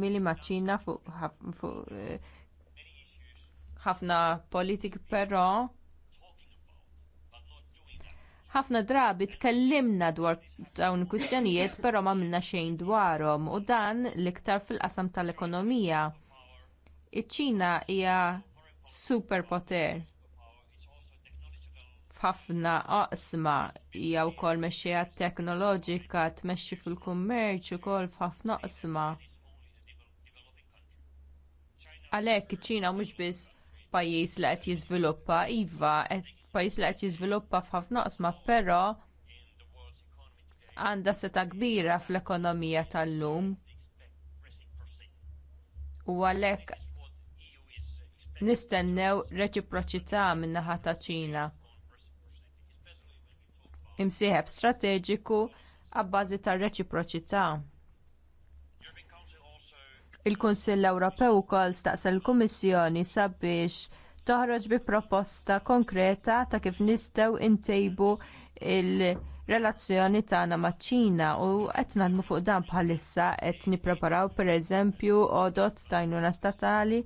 mili maċ-Ċina eh, ħafna politik però ħafna drabi tkellimna dwar dawn kwistjonijiet però ma minna xejn dwarhom u dan l-iktar fil-qasam tal-ekonomija. Iċ-Ċina hija superpoter f'ħafna oqsma hija wkoll mexxejja teknoloġika tmexxi fil-kummerċ ukoll f'ħafna oqsma. Għalhekk ċina mhux biss pajjiż li qed jiżviluppa, iva pajjiż li qed jiżviluppa f'ħafna qosma, però għandha seta' kbira fl-ekonomija tal-lum. U għalhekk nistennew reċiproċità min-naħa ta' Ċina. Imsieħeb strateġiku għabbażi tar reċiproċità. Il-Kunsill Ewropew ukoll staqsel il-Kummissjoni sabiex toħroġ bi proposta konkreta ta' kif nistgħu ntejbu l relazzjoni tagħna maċ-Ċina u qed nagħmlu fuq dan bħalissa qed nippreparaw pereżempju għodot tajnuna statali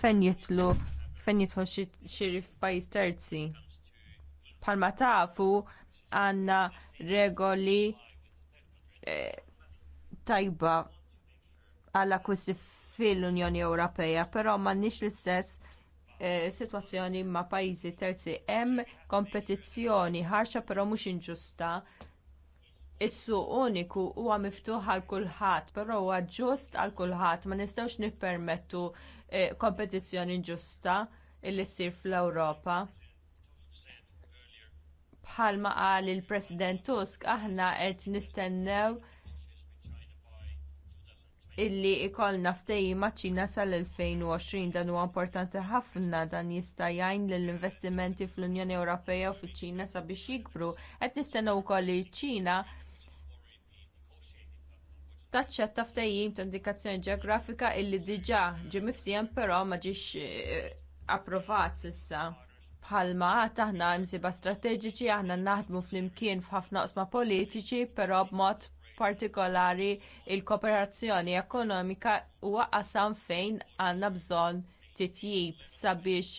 fejn jitlu fejn jidħol xi f'pajjiż terzi. Bħalma tafu għandna regoli eh, tajba għall akwisti fil-Unjoni Ewropea, però m'għandniex l-istess e, sitwazzjoni ma' pajjiżi terzi hemm kompetizzjoni ħarxa però mhux inġusta. is uniku huwa miftuħ għal kulħadd, però huwa ġust għal kulħadd, ma nistgħux nippermettu e, kompetizzjoni inġusta illi ssir fl-Ewropa bħalma qal il-President Tusk aħna qed nistennew illi ikollna ftehim maċ-Ċina sal-2020 dan huwa importanti ħafna dan jista' jgħin lill-investimenti fl-Unjoni Ewropea u fiċ-Ċina sabiex jikbru qed nistennew ukoll li ċ-Ċina taċċetta ftehim ta' indikazzjoni ġeografika illi diġà ġie miftiem però ma ġiex eh, approvat s'issa. Bħalma għad aħna msiba strateġiċi aħna naħdmu flimkien f'ħafna oqsma politiċi però b'mod partikolari il-kooperazzjoni ekonomika huwa qasam fejn għandna bżonn titjib sabiex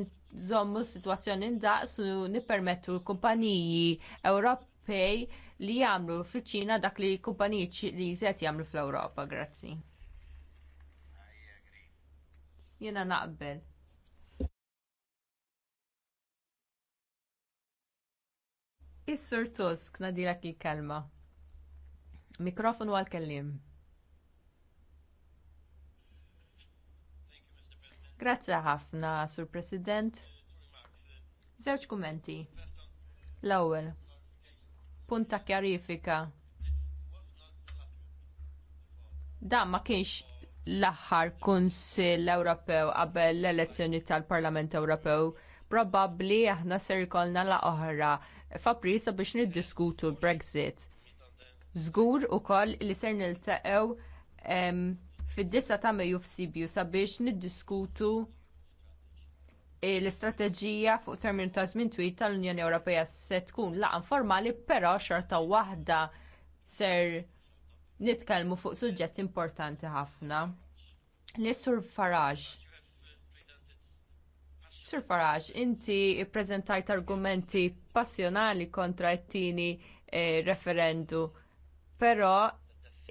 nżommu s-sitwazzjoni u nippermettu l-kumpaniji Ewropej li jagħmlu fiċ-Ċina dak li kumpaniji Ċiniżi qed jagħmlu fl-Ewropa. Grazzi. Jiena naqbel. Is-Sur Tusk nadilek il-kelma. Mikrofon għal-kellim. Grazzi ħafna, Sur President. Żewġ kummenti. L-ewwel. Punt ta' kjarifika. Dan ma kienx l-aħħar Kunsill Ewropew qabel l-elezzjoni tal-Parlament Ewropew. Probabbli aħna ser jkollna la oħra f'April sabiex niddiskutu l-Brexit. Żgur ukoll li ser niltaqgħu ehm, fid-disa ta' Mejju f'Sibju sabiex niddiskutu l-istrateġija fuq terminu ta' żmien twil tal-Unjoni Ewropea se tkun laqgħa informali però xorta waħda ser nitkellmu fuq suġġett importanti ħafna. Li Sur Farage. Sur Faraj, inti ppreżentajt argumenti passjonali kontra t-tieni eh, referendu Però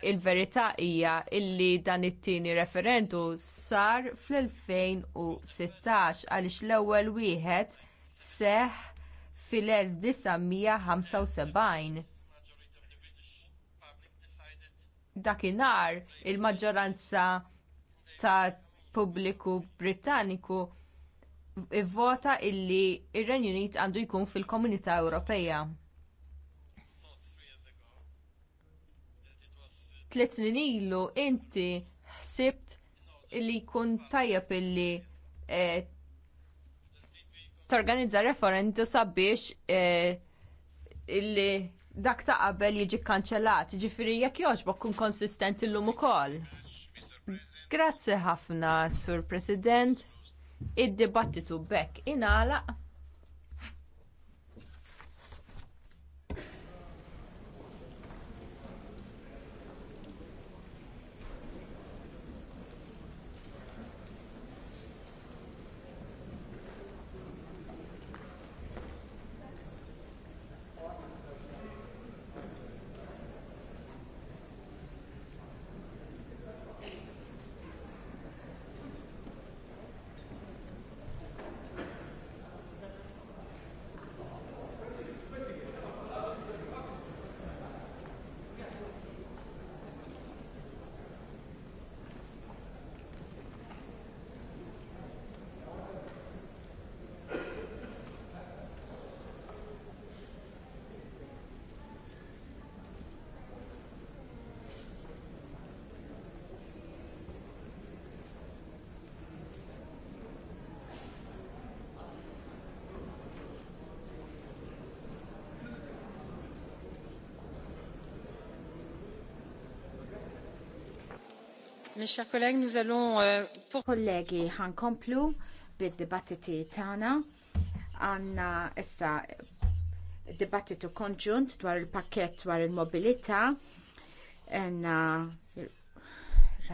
il-verità hija illi dan it-tieni referendu sar fl-2016 għaliex l-ewwel wieħed seħħ fil-1975. Dakinhar il-maġġoranza ta' pubbliku Britanniku ivvota illi ir-Renju Unit għandu jkun fil-Komunità Ewropea. tliet snin ilu inti ħsibt li jkun tajjeb illi eh, torganizza referendu sabiex eh, illi dak ta' qabel jiġi kkanċellat, ġifiri jekk jogħġbok kun konsistenti llum ukoll. Grazzi ħafna, Sur President. Id-dibattitu bekk ingħalaq. Mes chers collègues, nous allons euh, pour kollegi ħankomplu bid-dibattiti tagħna. Għandna issa dibattitu konġunt dwar il-pakket dwar il-mobilità għandna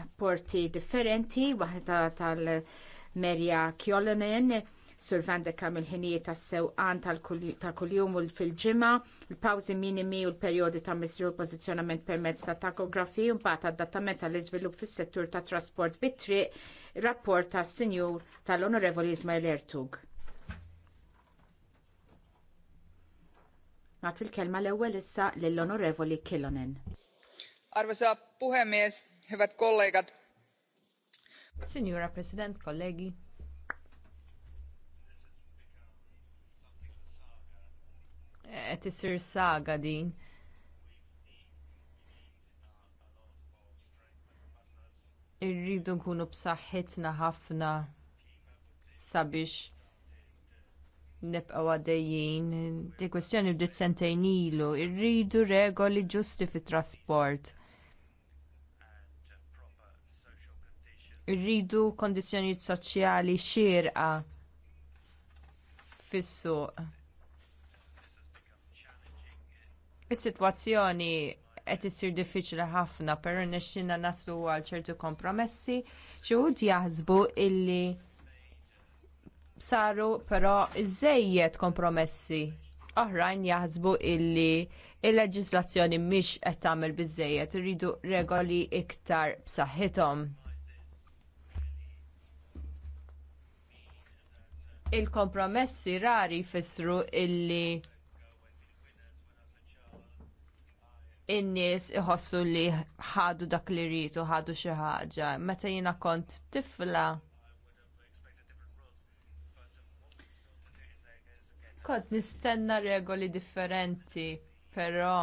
rapporti differenti, waħda tal-Merja Kjolonen Sur Van de il-ħinijiet tas-sewqan tal-kuljum u fil-ġimgħa, il-pawżi minimi u l-perjodi ta' misru u l-pożizzjonament permezz ta' takografi u mbagħad adattament tal-iżvilupp fis-settur tat trasport bit-triq, rapport tas-Sinjur tal-Onorevoli Ismail Ertug. Nagħti il-kelma l ewel issa lill-Onorevoli Killonen. Arvoisa puhemies, hyvät kollegat. Signora President, kollegi. qed isir saga din. Irridu nkunu b'saħħitna ħafna sabiex nibqgħu għaddejjin. Di kwestjoni bdiet sentejn ilu, irridu regoli ġusti fit-trasport. Irridu kondizzjonijiet soċjali xierqa fis-suq Is-sitwazzjoni qed isir diffiċli ħafna, però nixxinna naslu għal ċertu kompromessi, xi wħud jaħsbu illi saru però iżejjed kompromessi. Oħrajn jaħsbu illi il-leġislazzjoni mhix qed tagħmel biżejjed, irridu regoli iktar b'saħħithom. Il-kompromessi rari jfissru illi in-nies iħossu li ħadu dak li rritu, ħadu xi ħaġa. Meta jiena kont tifla Kont nistenna regoli differenti, però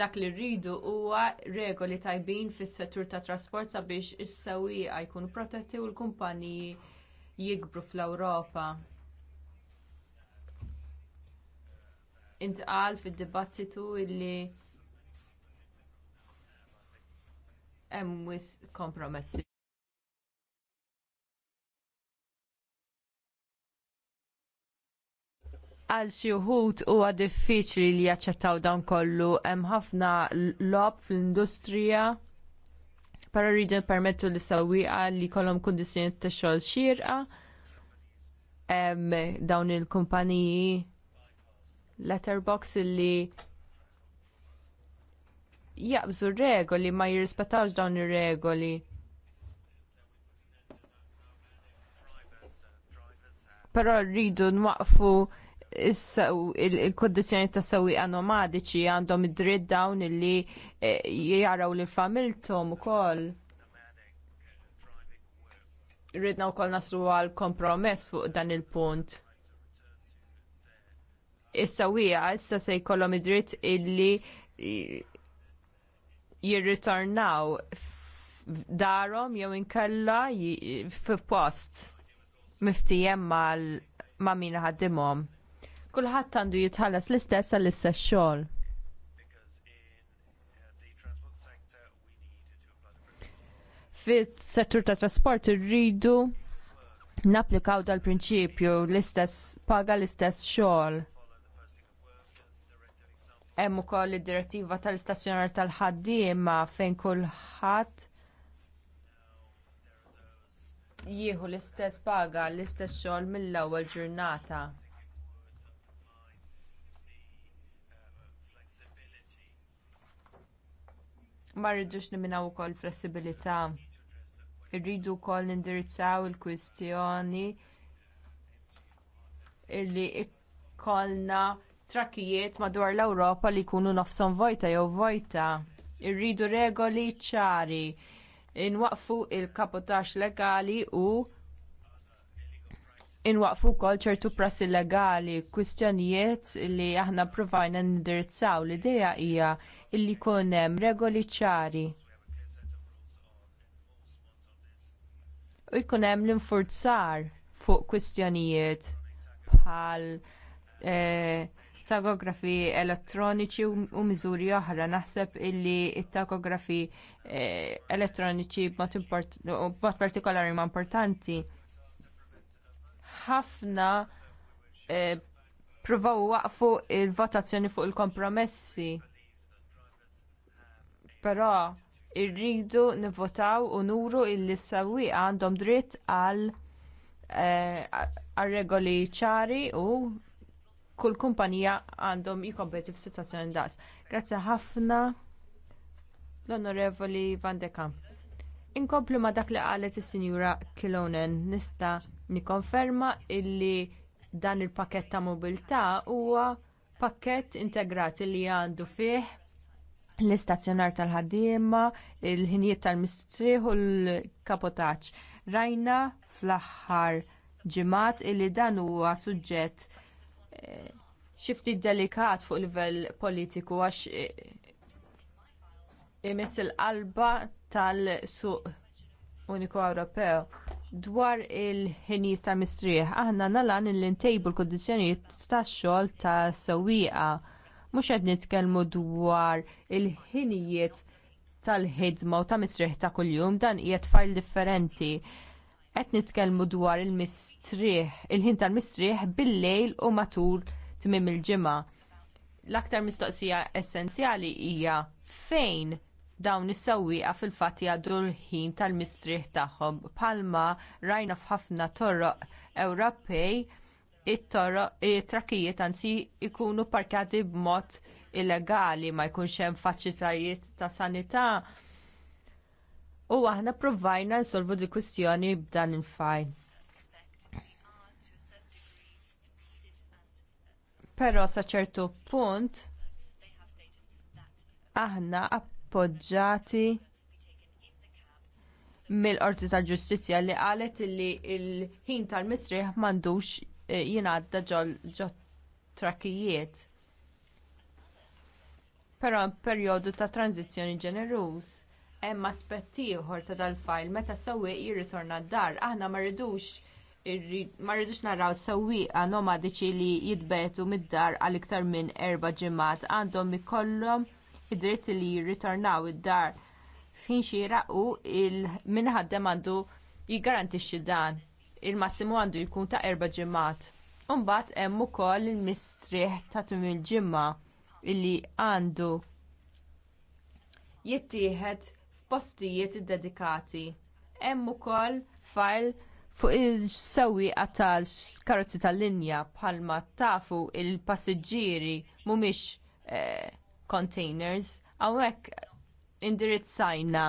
dak li rridu huwa regoli tajbin fis-settur tat trasport sabiex is-sewwieqa jkunu protetti u l-kumpaniji jikbru fl-Ewropa. intqal fid-dibattitu illi hemm wis kompromessi. għal xi wħud huwa diffiċli li jaċċettaw dan kollu hemm ħafna lob fl-industrija però rridu permettu li sewwieqa li jkollhom kundizzjonijiet ta' xogħol xierqa hemm dawn il-kumpaniji letterbox illi jaqbżu regoli ma jirrispettawx dawn ir-regoli. Però rridu nwaqfu il-kondizjoni ta' sewi anomadiċi għandhom id-dritt dawn illi e, jaraw li familtom ukoll. Ridna wkoll naslu għal kompromess fuq dan il-punt is wija, issa se jkollhom id-dritt illi jirritornaw darhom jew inkella f'post miftijem mal ma' min ħaddimhom. Kulħadd għandu jitħallas l-istess għall-istess xogħol. Fit-settur ta' trasport irridu napplikaw dal-prinċipju l-istess paga l-istess xogħol hemm ukoll id-direttiva tal-istazzjonar tal-ħaddiema fejn kulħadd jieħu l-istess paga l-istess xogħol mill-ewwel ġurnata. Ma rridux niminaw ukoll flessibilità. Irridu wkoll nindirizzaw il-kwistjoni illi ikkollna trakkijiet madwar l-Ewropa li jkunu nofshom vojta jew vojta. Irridu regoli ċari. Inwaqfu il-kapotax legali u inwaqfu wkoll ċertu prassi legali, kwistjonijiet li aħna provajna nindirizzaw l idea hija illi jkun hemm regoli ċari. U jkun hemm l-infurzar fuq kwistjonijiet bħal eh, tagografi elettroniċi u miżuri oħra. Naħseb illi t tagografi eh, elettroniċi b'mod partikolari ma' importanti. Ħafna eh, provaw waqfu l votazzjoni fuq il-kompromessi. Però irridu nivvotaw u nuru illi s għandhom dritt għal eh, regoli ċari u kull kumpanija għandhom jikompeti f'sitwazzjoni das. Grazzi ħafna l-Onorevoli Van de Kamp. Inkomplu ma dak li qalet is-Sinjura Kilonen nista nikkonferma illi dan il-pakett ta' mobilità huwa pakket integrat li għandu fih l-istazzjonar tal-ħaddiema, il-ħinijiet tal-mistrieħ u l-kapotaġġ. Rajna fl-aħħar ġimgħat illi dan huwa suġġett xifti delikat fuq livell politiku għax imiss il-qalba tal-suq uniku Ewropew dwar il-ħinijiet ta' mistrieħ. Aħna nalan il-intejbu l-kondizjonijiet tax-xogħol ta' sewwieqa mhux qed nitkellmu dwar il-ħinijiet tal-ħidma u ta' misriħ ta' kuljum dan qiegħed tfal differenti. Qed nitkellmu dwar il-mistrieħ, il-ħin tal-mistrieħ bil-lejl u matul tmiem il-ġimgħa. L-aktar mistoqsija essenzjali hija fejn dawn is-sewwieqa fil-fatt jgħaddu l-ħin tal-mistrieħ tagħhom bħalma rajna f'ħafna torroq Ewropej it-trakkijiet anzi jkunu parkati b'mod illegali ma jkunx hemm faċilitajiet ta' sanità U aħna provajna nsolvu di kwistjoni b'dan il-fajn. Però sa ċertu punt aħna appoġġati mill-Qorti tal-Ġustizzja li qalet li l ħin tal-misriħ m'għandux eh, jingħadda ġol trakkijiet. Però perjodu ta' tranzizzjoni ġeneruż. Hemm aspett ieħor ta' dal-fajl meta sewwieq jirritorna d-dar aħna ma rridux ma rridux naraw sewwieqa nomadiċi li jitbetu mid-dar għal iktar minn erba' ġimgħat għandhom ikollhom id-dritt li jirritornaw id-dar fin xira u il-minħaddem għandu jiggarantixxi dan il-massimu għandu jkun ta' erba' ġimgħat. mbagħad hemm ukoll il-mistrieħ ta' tum il-ġimgħa illi għandu jittieħed postijiet dedikati. Hemm ukoll file fuq il-sewwieqa tal-karozzi tal-linja bħalma tafu l passiġġieri mhumiex eh, containers hawnhekk indirizzajna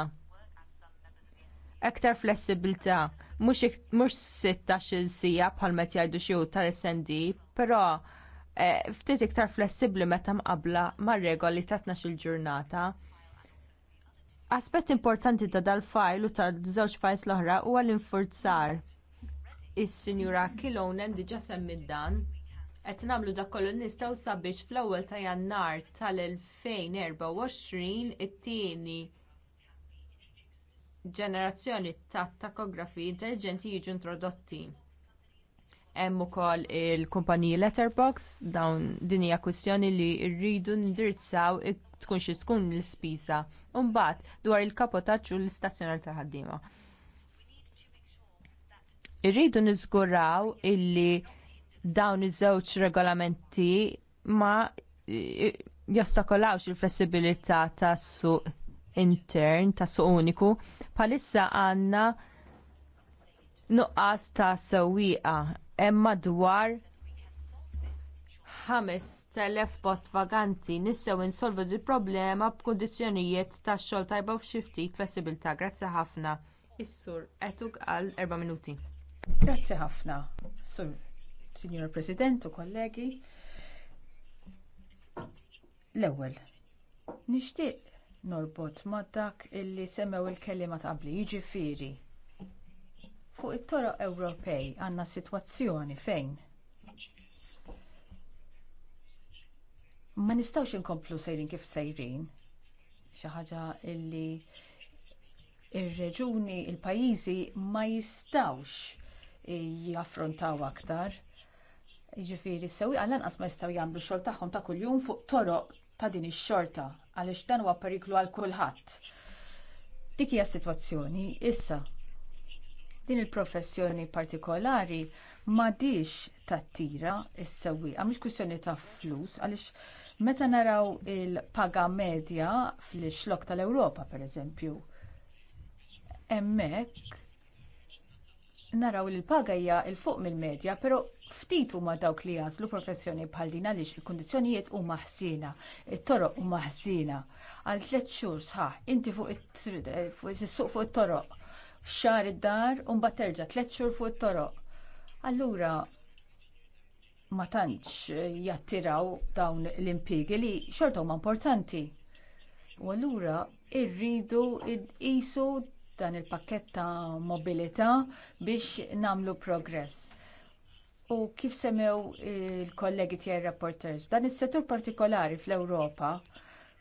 aktar flessibilità mhux 16-il sija bħal meta jgħidu xi tal-SND, però eh, ftit iktar flessibbli meta mqabbla mar-regoli ta' 12-il ġurnata Aspett importanti ta' dal-fajl u ta' żewġ fajls l-oħra huwa l-infurzar. Is-Sinjura Kilonen diġà semmi dan qed nagħmlu dak kollu nistgħu sabiex fl-ewwel ta' Jannar tal-2024 it-tieni ġenerazzjoni ta' takografi intelligenti jiġu introdotti. Hemm ukoll il-kumpaniji letterbox dawn din hija kwistjoni li rridu nindirizzaw tkun xi tkun l-ispisa. mbagħad dwar il-kapotaġġ u l-istazzjonar ta' ħaddiema. Irridu niżguraw illi dawn iż-żewġ regolamenti ma jostakolawx il-flessibilità tas-suq intern, tas-suq uniku, bħalissa għandna nuqqas ta' sewwieqa hemm madwar 5,000 post vaganti nissew insolvu il problema b'kundizzjonijiet tax xogħol tajba u f'xi ftit flessibilità. Grazzi ħafna. Is-sur Etuk għal erba' minuti. Grazzi ħafna, sur Signor President u kollegi. L-ewwel, nixtieq norbot ma' dak illi semmew il-kelliema ta' qabli, jiġifieri Fuq it-toroq Ewropej għandna sitwazzjoni fejn ma nistgħux inkomplu sejrin kif sejrin. Xi ħaġa illi r reġuni il pajjiżi ma jistgħux jaffrontaw aktar. Jiġifieri sewi sewwieqa lanqas ma jistgħu jagħmlu xogħol tagħhom ta' kuljum fuq toroq ta' din ix-xorta għaliex dan huwa periklu għal kulħadd. Dik hija s-sitwazzjoni issa Din il-professjoni partikolari m'għadix tattira is sewwieqa mhix kwissjoni ta' flus għaliex meta naraw il-paga medja fl-xlok tal-Ewropa pereżempju. Hemmhekk naraw il paga hija l fuq mill-medja, però ftit huma dawk li jażlu professjoni bħal din għaliex il-kundizzjonijiet huma maħsina, it-toroq huma maħsina, Għal tliet xhur sħaħ, inti fuq is-suq fuq it-toroq xar id-dar u mbagħad terġa' tliet xhur fuq it-toroq. Allura ma tantx jattiraw dawn l-impjiegi li xorta huma importanti. U allura rridu qisu dan il-pakket ta' mobilità biex nagħmlu progress. U kif semew il-kollegi tiegħi rapporters, dan is-settur partikolari fl-Ewropa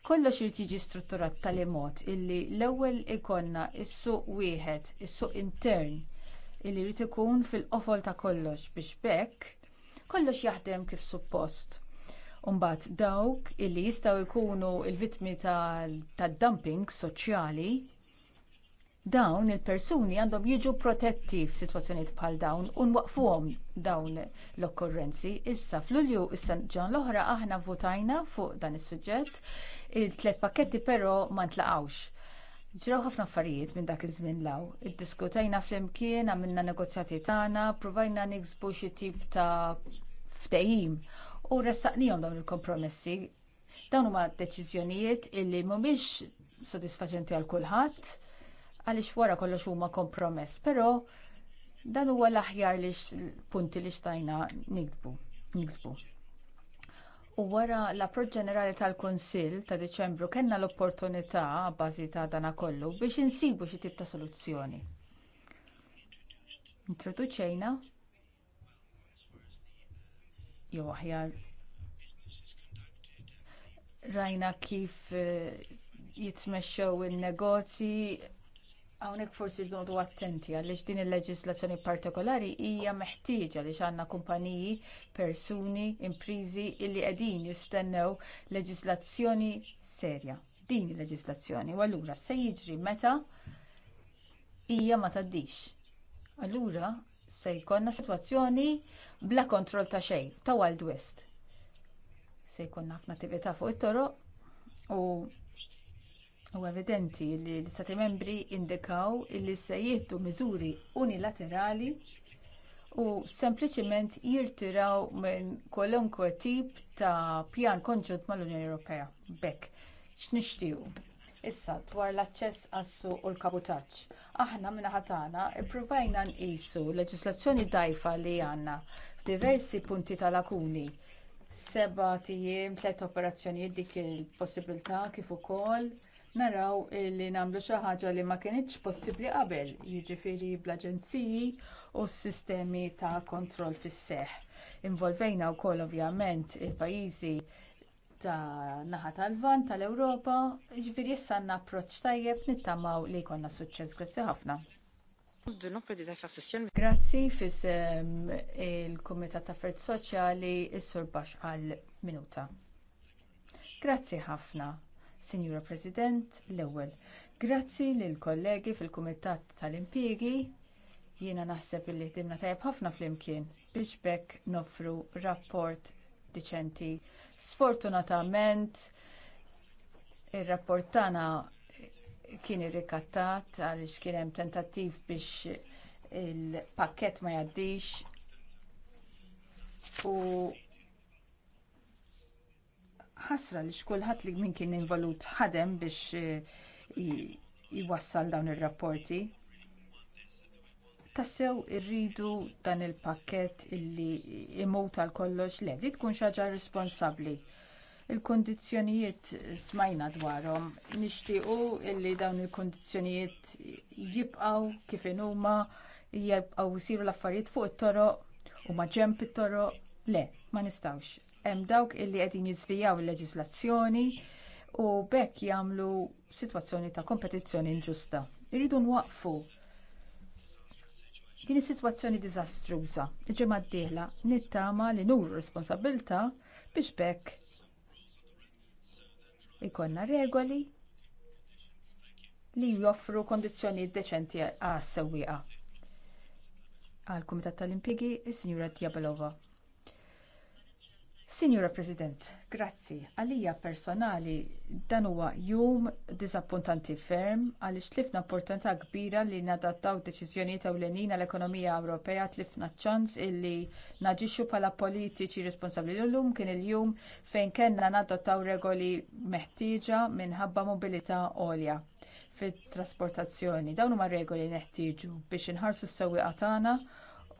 kollox irid jiġi strutturat tal mod illi l-ewwel ikonna is-suq wieħed, is-suq intern illi jrid ikun fil-qofol ta' kollox biex bekk kollox jaħdem kif suppost. Umbat dawk illi jistgħu jkunu l vittmi tad-dumping soċjali dawn il-persuni għandhom jiġu protetti f'sitwazzjonijiet bħal dawn u nwaqfuhom dawn l-okkurrenzi. Issa f'Lulju issa ġon l-oħra aħna votajna fuq dan is-suġġett, il-tliet pakketti però ma ntlaqgħux. Ġraw ħafna affarijiet minn dak iż-żmien law. Iddiskutejna flimkien, għamilna negozjati tagħna, provajna niksbu xi tip ta' ftehim u ressaqnihom dawn il-kompromessi. Dawn huma deċiżjonijiet illi mhumiex sodisfaċenti għal kulħadd għaliex wara kollox huma kompromess, però dan huwa l-aħjar li punti li xtajna nikbu, niksbu. U wara l-approċ ġenerali tal-Konsil ta' Deċembru kellna l-opportunità bażi ta' dana kollu biex insibu xi tip ta' soluzzjoni. Introduċejna jew aħjar rajna kif eh, jitmexxew in-negozji Hawnhekk forsi rridu attenti għaliex din il-leġislazzjoni partikolari hija meħtieġa li għanna kumpaniji, persuni, imprizi illi qegħdin jistennew leġislazzjoni serja. Din il-leġislazzjoni u allura se jiġri meta hija ma tgħaddix. Allura se jkollna sitwazzjoni bla kontroll ta' xejn ta' Wild West. Se jkollna ħafna attività fuq it-toroq u U evidenti li l-Istati membri indikaw li se jieħdu miżuri unilaterali u sempliċement jirtiraw minn kwalunkwe tip ta' pjan konġunt mal-Unjoni Ewropea. b'hekk x'nixtiequ? Issa dwar l-aċċess għassu u l-kabutaġġ. Aħna minna ħatana ippruvajna nqisu leġislazzjoni dajfa li għandna f'diversi punti tal lakuni seba' tiegħi tliet operazzjonijiet dik il-possibilità kif ukoll naraw li nagħmlu xi ħaġa li ma kinitx possibbli qabel, jiġifieri bl-aġenziji u s-sistemi ta' kontroll fis-seħħ. Involvejna wkoll ovvjament il-pajjiżi ta' naħa tal-van tal-Ewropa, jiġifieri issa għandna approċċ tajjeb nittamaw li jkollna suċċess. Grazzi ħafna. Grazzi fisem il-Kumitat ta' Affarijiet Soċjali s sur Bax għal minuta. Grazzi ħafna. Sinjura President, l-ewwel. Grazzi lill kollegi fil-Kumitat tal impiegi jiena naħseb illi ħdimna tajjeb ħafna flimkien biex bekk nofru rapport diċenti. Sfortunatament ir-rapport tagħna kien irrikattat għaliex kien hemm tentattiv biex il-pakket ma jgħaddix u ħasra li xkulħat li min kien involut ħadem biex jwassal eh, dawn ir-rapporti. Tassew irridu dan il-pakket illi imut għal kollox le, di tkun xaġa responsabbli il kundizzjonijiet smajna dwarhom nixtiequ illi dawn il kundizzjonijiet jibqgħu kif huma jibqgħu jsiru l-affarijiet fuq it-toroq u maġemp ġemp it-toroq Le, ma nistawx. Hemm dawk illi qegħdin jiżvijaw il-leġislazzjoni u bekk jagħmlu sitwazzjoni ta' kompetizzjoni inġusta. Irridu nwaqfu din is-sitwazzjoni diżastruża. Ġimgħa d-dieħla nittama li nuru responsabilta biex bekk ikonna regoli li joffru kondizzjonijiet deċenti għas-sewwieqa. Għal Kumitat tal-Impjegi, is-Sinjura Diabalova. Signora President, grazzi. Għalija personali dan huwa jum disappuntanti ferm għaliex tlifna importanza kbira li nadattaw deċiżjonijiet ewlenin għall ekonomija Ewropea tlifna ċans illi naġixxu bħala politiċi responsabbli l-lum kien il-jum fejn kellna nadattaw regoli meħtieġa minħabba mobilità għolja fit-trasportazzjoni. Dawn huma regoli neħtieġu biex inħarsu s-sewwieqa tagħna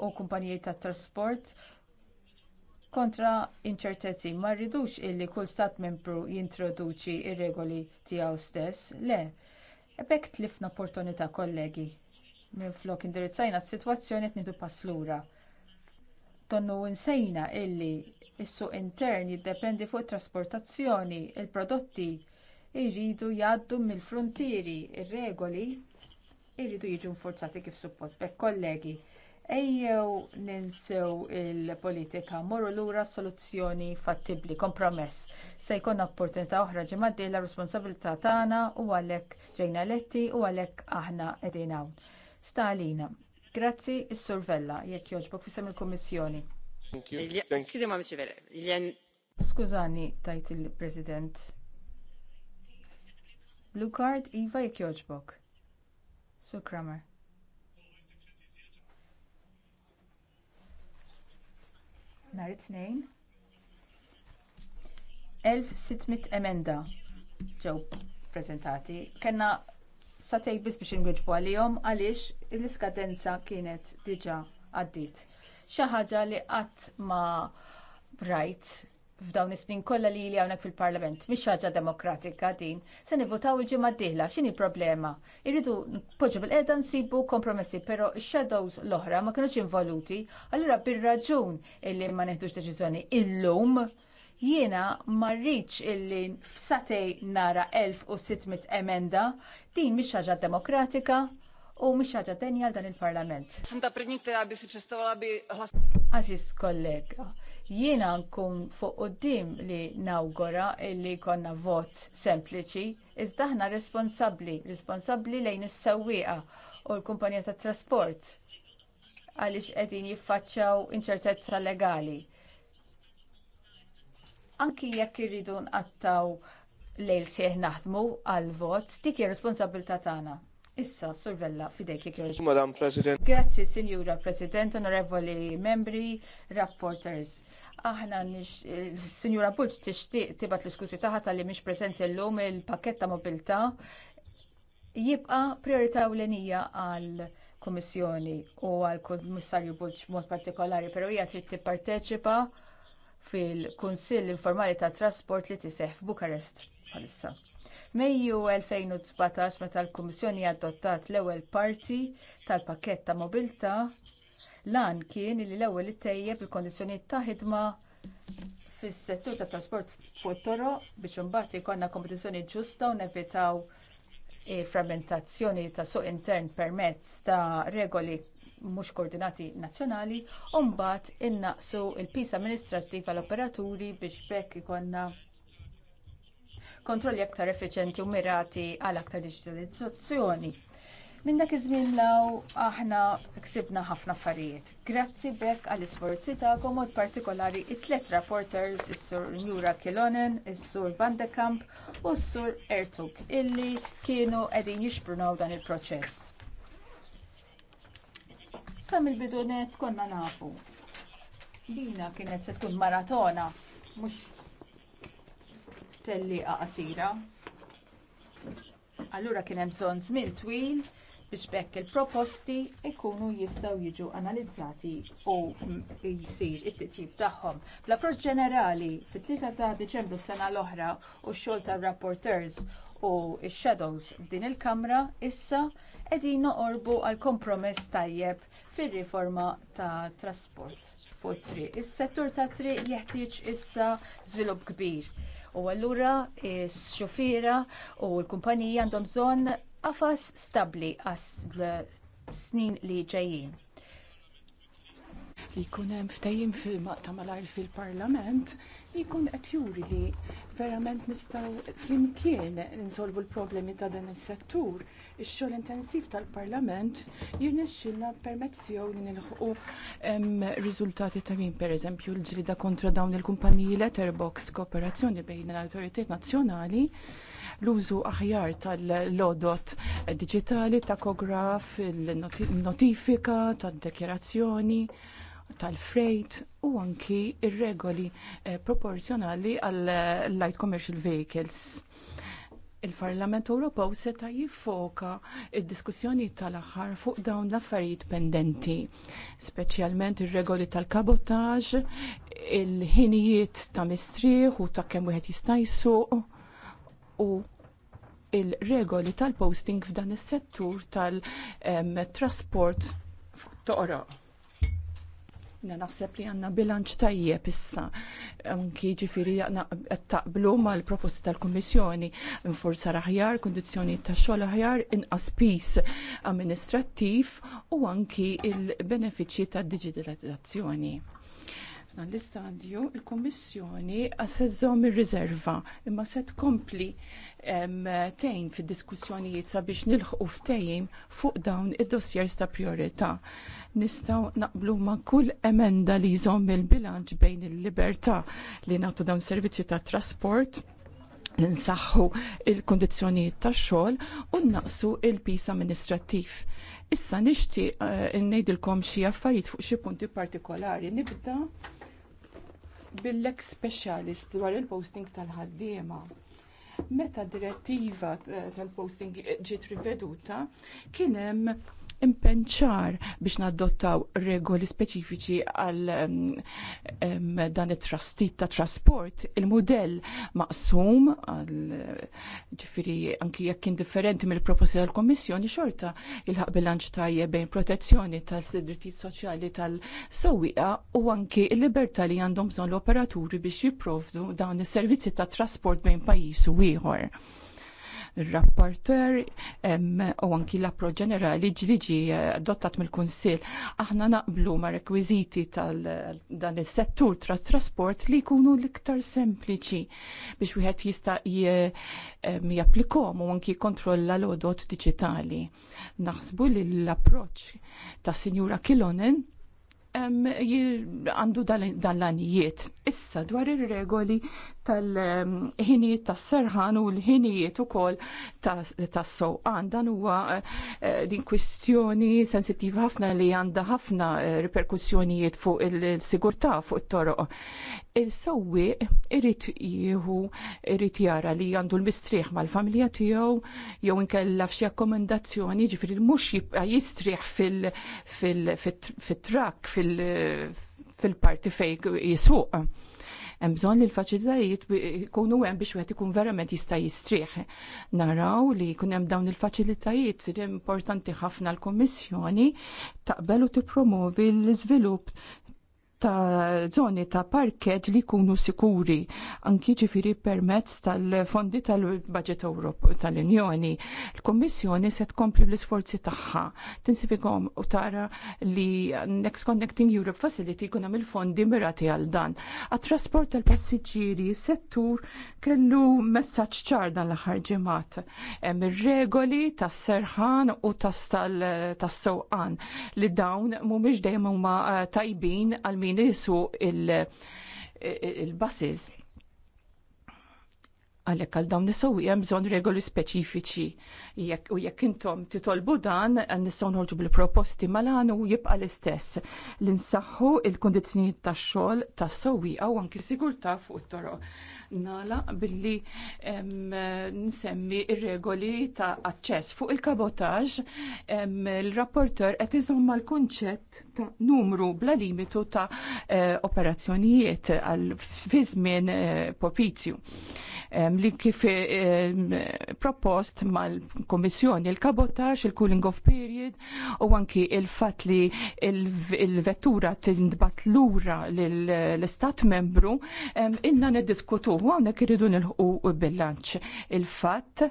u kumpaniji tat trasport kontra inċertezzi. Ma rridux illi kull stat membru jintroduċi r regoli tiegħu stess, le. Ebek tlifna opportunità kollegi. Minflok indirizzajna s-sitwazzjoni qed nidu pass lura. Tonnu insejna illi s-suq intern jiddependi fuq it trasportazzjoni, il-prodotti jridu jgħaddu mill-frontieri, ir-regoli jridu jiġu nfurzati kif suppost. Bek kollegi, ejjew ninsew il-politika, morru lura soluzzjoni fattibbli, kompromess. Se jkun opportunità oħra ġimgħaddi la responsabilità tagħna u għalhekk ġejna eletti u għalhekk aħna qegħdin hawn. Stalina, grazzi s-survella jekk jogħġbok fisem il-Kummissjoni. Skużani, tajt il-President. Blue card, Iva jekk jogħġbok. Sur Kramer. nhar it-tnejn 1600 emenda ġew ppreżentati. Kenna satej biss biex inwiġbu għalihom għaliex l-iskadenza kienet diġà għaddiet. Xi ħaġa li qatt ma rajt f'dawn is-snin kollha li li hawnhekk fil-Parlament. Mhix ħaġa demokratika din. Se nivutaw il-ġimgħa d-dieħla, x'inhi problema? Irridu poġġu bil-qiegħda nsibu kompromessi, però x-shadows l-oħra ma kinux involuti, allura bir-raġun illi ma neħdux deċiżjoni illum jiena ma rridx illi f'satej nara 1600 emenda, din mhix ħaġa demokratika u mhix ħaġa denja dan il-Parlament. Sinta prinjita bi si bi Aziz kollega, jiena nkun fuq quddiem li nawgura li jkollna vot sempliċi, iżda aħna responsabbli, responsabbli lejn is-sewwieqa u l-kumpanija tat trasport għaliex qegħdin jiffaċċjaw inċertezza legali. Anki jekk irridu nqattaw lejl sieħ naħdmu għal vot, dik hija responsabilità tagħna. Issa, sorvella, fidejk jekk Madam President. Grazzi, Signora President, onorevoli membri, rapporters. Aħna, eh, Signora Bulġ, tixtieq tibat l-iskusi tal li mhix preżenti llum il paketta mobilità jibqa priorità l-enija għal Kummissjoni u għal Kummissarju Bulġ mod partikolari, però hija trid tipparteċipa fil-Kunsill Informali tat Trasport li tiseħ f'Bukarest għalissa. Mejju 2017 meta l-Kummissjoni adottat l-ewwel parti tal-pakket ta' mobilità lan kien li l-ewwel ittejjeb il-kondizzjonijiet ta' ħidma fis-settur tat trasport fuq it-toroq biex imbagħad ikollna kompetizzjoni ġusta u nevitaw eh, frammentazzjoni ta' suq intern permezz ta' regoli mhux koordinati nazzjonali u mbagħad innaqsu l-pis amministrattiv għall operaturi biex bekk ikonna kontrolli aktar effiċenti u mirati għal aktar digitalizzazzjoni. Minn dak iż-żmien law aħna ksibna ħafna affarijiet. Grazzi bekk għall isforzi tagħkom u partikolari it-tliet rapporters is-sur Njura Kilonen, is-sur Van u s-sur Ertug illi kienu qegħdin jixprunaw dan il-proċess. Sa mill-bidunet konna nafu. Dina kienet se tkun maratona, mhux telliqa qasira. Allura kien hemm bżonn żmien twil biex bekk il-proposti ikunu jistgħu jiġu analizzati u jsir it-titjib tagħhom. L-approċċ ġenerali fit-3 ta' Diċembru sena l-oħra u x-xogħol tar-rapporteurs u x-shadows f'din il-Kamra issa qegħdin noqorbu għal kompromess tajjeb fir-riforma ta' trasport fuq triq. Is-settur tat triq jeħtieġ issa żvilupp kbir U allura s xufiera u l-kumpanija għandhom bżonn għafas stabbli għas snin li ġejjin. Li jkun hemm ftehim ta' malajr fil-Parlament li jkun qed juri li verament nistgħu flimkien insolvu l-problemi ta' dan is-settur Ix-xogħol intensiv tal-Parlament jirnexxilna permezz tiegħu li nilħqu riżultati ta' min pereżempju l ġrida kontra dawn il-kumpaniji letterbox kooperazzjoni bejn l-awtoritet nazzjonali l-użu aħjar tal-lodot digitali, takograf, il-notifika, tad-dekjerazzjoni tal-freight u anki ir-regoli eh, proporzjonali għall eh, light commercial vehicles il-Parlament Ewropew seta' jiffoka id-diskussjoni tal-aħħar fuq dawn l-affarijiet pendenti, speċjalment ir-regoli tal-kabotaġ, il-ħinijiet ta' mistrieħ u ta' kemm wieħed jista' jsuq u il-regoli tal-posting f'dan is-settur tal-trasport toqroq Na naħseb li għanna bilanċ tajjeb issa. Anki ġifiri qed taqblu mal-proposti tal-Kummissjoni forza aħjar, kondizjoni ta' xogħol aħjar, inqas pis amministrattiv u anki il-benefiċċji tad-diġitalizzazzjoni. L-istadju il-Kummissjoni għassezzom ir-riserva imma se tkompli tejn fid diskussjonijiet sabiex nilħqu ftejim fuq dawn id-dossiers ta' priorità. Nistaw naqblu ma' kull emenda li jżomm il-bilanċ bejn il-libertà li nagħtu dawn servizzi ta' trasport nsaħħu il-kondizjonijiet tax xogħol u naqsu il-pis amministrattiv. Issa nixtieq eh, ngħidilkom xi affarijiet fuq xi punti partikolari nibda bil lex specialist dwar il-posting tal-ħaddiema Meta direttiva eh, tal-posting ġiet riveduta, kien hemm impenċar biex nadottaw regoli speċifiċi għal dan it trastib ta' trasport. Il-modell maqsum għal ġifiri anki jekk indifferenti mill-proposti tal-Kommissjoni xorta il ħak bilanċ tajjeb bejn protezzjoni tal-sidritijiet soċjali tal-sowiqa u anki l-libertà li għandhom bżonn l-operaturi biex jipprovdu dawn is-servizzi ta' trasport bejn pajjiż u ieħor il-rapporter u anki l appro ġenerali ġliġi adottat mill-Kunsil. Aħna naqblu ma' rekwiziti tal-dan il-settur trasport li jkunu l-iktar sempliċi biex wieħed jista' japplikom u anki kontrolla l-odot digitali. Naħsbu li l-approċ ta' Sinjura Kilonen għandu dan l Issa dwar ir-regoli tal-ħinijiet tas-serħan u l-ħinijiet ukoll tas-sowqan. Dan huwa eh, din kwistjoni sensittiva ħafna li għandha ħafna eh, riperkussjonijiet fuq il-sigurtà fuq it-toroq. il sewwieq irid jieħu irid jara li għandu l-mistrieħ mal-familja tiegħu jew inkella f'xi akkomendazzjoni jiġifieri mhux jibqa' jistrieħ fil-trakk fil-parti fejn jisuq Hemm bżonn li l-faċilitajiet jkunu hemm biex wieħed ikun verament jista' jistrieħ. Naraw li jkun hemm dawn il-faċilitajiet importanti ħafna l-Kummissjoni taqbel u tippromovi l-iżvilupp ta' zoni ta' parkeġ li jkunu sikuri, anki ġifiri permezz tal-fondi tal-Budget Europe tal-Unjoni. Il-Kommissjoni se tkompli l-isforzi tagħha. Tinsifikom u tara li Next Connecting Europe Facility kuna hemm il-fondi mirati għal dan. Għat-trasport tal-passiġġieri settur kellu messaġġ ċar dan l-aħħar ġimgħat. Hemm ir-regoli tas-serħan u tas-sewqan li dawn mhumiex dejjem huma eh, tajbin għal min jinisu il-basses Il għalhekk għal dawn nisewwi hemm bżonn regoli speċifiċi. u jekk intom titolbu dan nistgħu noħorġu bil-proposti malan u jibqa' l-istess li nsaħħu il-kundizzjonijiet tax-xogħol tas-sewwieqa u anki sigurtà fuq it Nala billi nsemmi il regoli ta' aċċess fuq il-kabotaġġ il-rapporter qed iżomm mal kunċett ta' numru bla limitu ta' eh, operazzjonijiet għal fi żmien eh, li kif propost mal-Komissjoni il-kabotax, il-cooling off period u anki il-fat li il-vettura tindbat lura l-Istat membru inna nediskutu u għawnek irridu bil bilanċ il-fat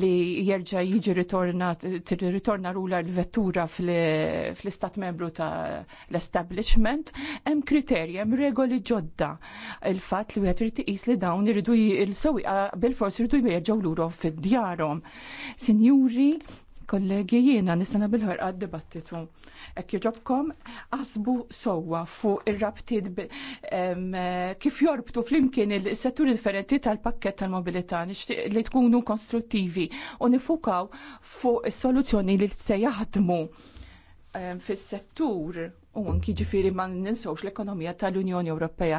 li jerġa jiġi ritorna rula l-vettura fl-Istat membru ta' l-establishment hemm kriterja, hemm regoli ġodda il-fat li għet li dawn irridu il-sew sewwieqa bil-forsi rridu jerġgħu lurhom fid-djarhom. Sinjuri, kollegi jiena nistana bil-ħarqa d-dibattitu. Ek joġobkom, asbu sowa fuq ir-rabtiet kif jorbtu flimkien il-setturi differenti tal-pakket tal-mobilità li tkunu konstruttivi u nifukaw fuq is-soluzzjoni li se jaħdmu fis-settur u anki ġifiri ma ninsawx l-ekonomija tal-Unjoni Ewropea.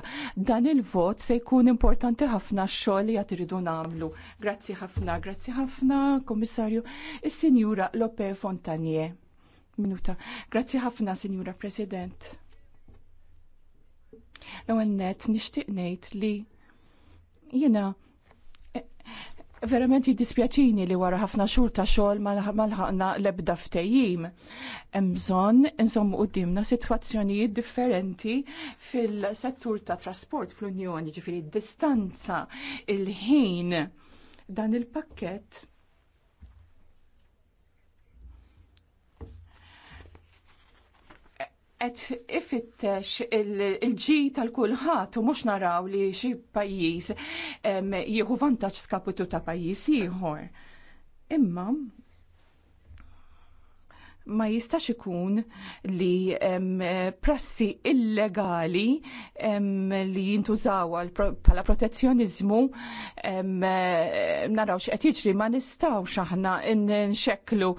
Dan il-vot se jkun importanti ħafna xogħol li qed iridu nagħmlu. Grazzi ħafna, grazzi ħafna, Komissarju. Is-Sinjura Lope Fontanier. Minuta. Grazzi ħafna, Sinjura President. L-ewwel net nixtieq ngħid li jiena verament jiddispjaċini li wara ħafna xhur ta' xogħol malħaqna l-ebda ftejjim. Hemm bżonn insommu qudiemna sitwazzjonijiet differenti fil-settur ta' trasport fl-Unjoni, ġifieri d-distanza, il-ħin dan il-pakkett qed ifittex il-ġi il ġi tal kulħadd u mhux naraw li xi pajjiż jieħu vantaġġ skaputu ta' pajjiż ieħor. Imma ma jistax ikun li em, prassi illegali em, li jintużaw pala protezzjonizmu naraw x'qed jiġri ma nistgħux aħna nxekklu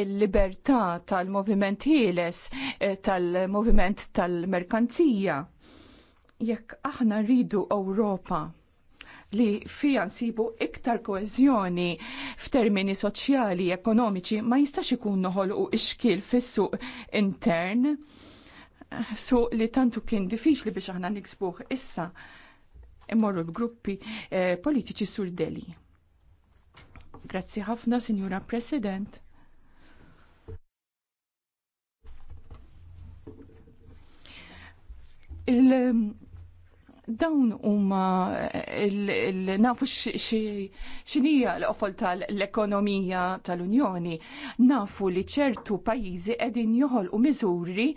l-libertà tal-moviment ħieles eh, tal-moviment tal-merkanzija. Jekk aħna rridu Ewropa li fija nsibu iktar koezjoni f'termini soċjali, ekonomiċi, ma jistax ikun noħolqu ixkil fis-suq intern, su li tantu kien diffiċli biex aħna niksbuh issa immorru l-gruppi eh, politiċi surdeli. Grazzi ħafna, Signora President. il dawn huma nafu x'inhija l-qofol tal-ekonomija tal-Unjoni. Nafu li ċertu pajjiżi qegħdin joħolqu miżuri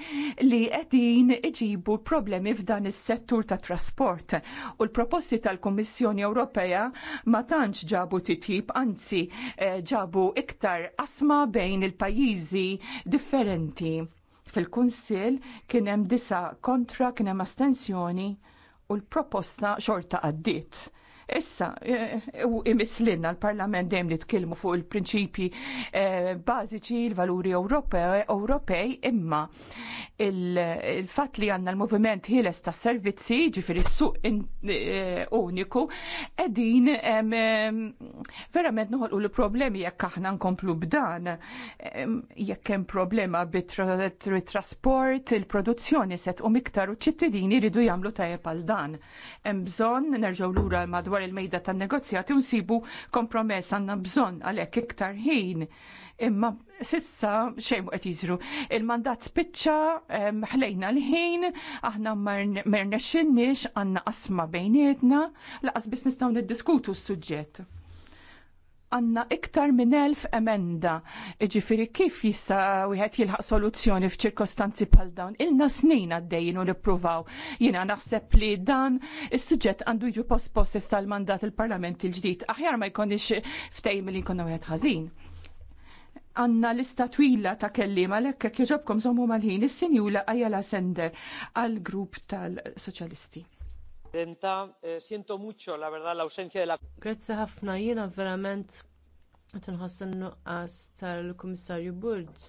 li qegħdin iġibu problemi f'dan is-settur tat trasport. U l-proposti tal-Kummissjoni Ewropea ma tantx ġabu titjib, anzi eh, ġabu iktar asma bejn il-pajjiżi differenti. Fil-Kunsill kien hemm disa kontra, kien hemm astensjoni u l-proposta xorta għaddiet Issa, eh, u imislinna l-Parlament dejjem tkilmu fuq il-prinċipji eh, bażiċi l-valuri Ewropej, imma il-fatt li għandna l-moviment ħieles ta' servizzi, ġifiri s-suq eh, uniku, edin verament u l-problemi jekk aħna nkomplu b'dan, jekk hemm problema bit-trasport, il-produzzjoni set u miktar u ċittadini ridu jagħmlu tajjeb għal dan. Hemm bżonn nerġgħu lura madwar madwar il-mejda tan-negozjati u nsibu kompromess għandna bżonn għalhekk iktar ħin. Imma sissa xejn qed jiżru. Il-mandat spiċċa ħlejna l-ħin, aħna mer nexxinniex għandna qasma bejnietna, laqas biss nistgħu niddiskutu s-suġġett għanna iktar minn elf emenda. Iġifiri kif jista wieħed jilħaq soluzzjoni f'ċirkostanzi bħal dawn. Ilna snin għaddejjin u nippruvaw. Jiena naħseb li dan is-suġġett għandu jiġu pospost issa l-mandat il-Parlament il-ġdid. Aħjar ma jkunix ftejm li jkunna wieħed ħażin. Għanna lista twila ta' kellima lekk jġobkom zomu mal-ħin is senjula Ajala Sender għal-grupp tal-Soċjalisti. Eh, Grazzi ħafna jiena verament qed inħoss nuqqas tal-Kummissarju Bulls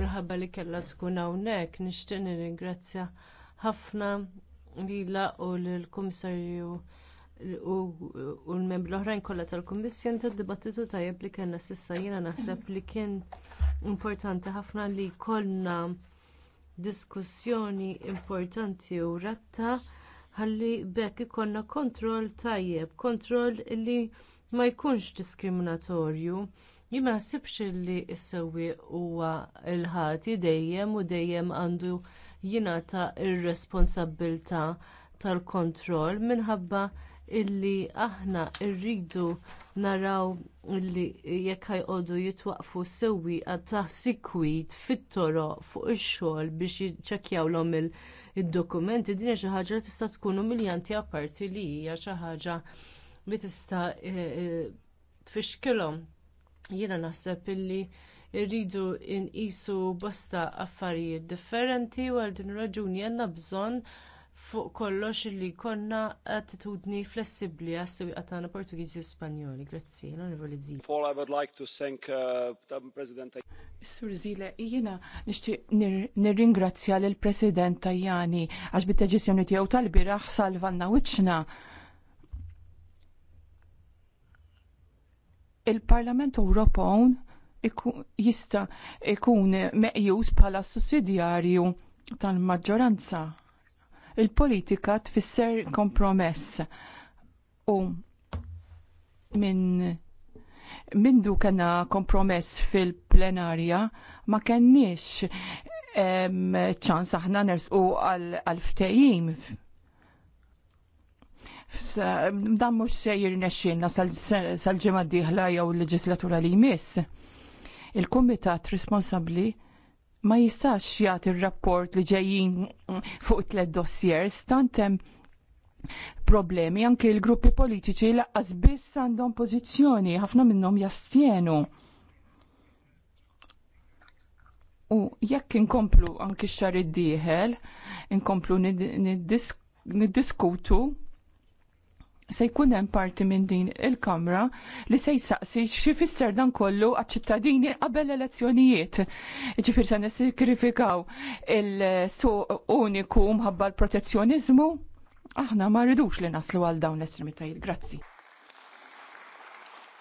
minħabba li kellha tkun hawnhekk nixtieq nirringrazzja ħafna la u lill-Kummissarju u l membru oħrajn kollha tal-Kummissjon tad-dibattitu tajjeb li kellna s'issa jiena naħseb li kien importanti ħafna li jkollna diskussjoni importanti u ratta ħalli bekk ikonna kontroll tajjeb, kontroll li ma jkunx diskriminatorju. Jima ma li s-sewwieq huwa l-ħati dejjem u dejjem għandu jingħata r-responsabbilta tal-kontroll minħabba illi aħna rridu naraw illi jekk ħajqodu jitwaqfu sewwieqa ta' sikwit fit-toroq fuq ix-xogħol biex jiċċekkjawlhom il- id-dokumenti din xi ħaġa li tista' tkun umiljanti apparti li hija xi ħaġa li tista' e, e, tfixkilhom. Jiena naħseb illi rridu nqisu bosta affarijiet differenti u għal din raġuni għandna bżonn fuq kollox li konna attitudni flessibbli għas-sewwieqa tagħna Portugiżi u Spanjoli. Grazzi, l-Onorevoli Zile. Fall I would like to thank uh, President Sur Zile, jiena nixtieq nirringrazzja lill President Tajani għax bit-deċiżjoni tiegħu tal-biraħ salvanna wiċċna. Il-Parlament Ewropew jista' jkun meqjus bħala sussidjarju tal-maġġoranza il-politika tfisser kompromess u minn mindu kena kompromess fil-plenarja ma kenniex ċans aħna nersqu għal-ftejim dan mhux se jirnexxinna sal-ġimgħa d jew l-leġislatura li jmiss. Il-kumitat responsabbli ma jistax jagħti r-rapport li ġejjin fuq tliet dossiers tantem problemi anke l-gruppi politiċi laqqas biss għandhom pożizzjoni ħafna minnhom jastjenu. U jekk inkomplu anki xar id-dieħel, inkomplu niddiskutu se jkun hemm parti minn din il-Kamra li se jsaqsi x'ifisser dan kollu għaċ-ċittadini qabel elezzjonijiet. Ġifir se nissakrifikaw il-suq uniku mħabba l-protezzjoniżmu? Aħna ma rridux li naslu għal dawn l-estremitajiet. Grazzi.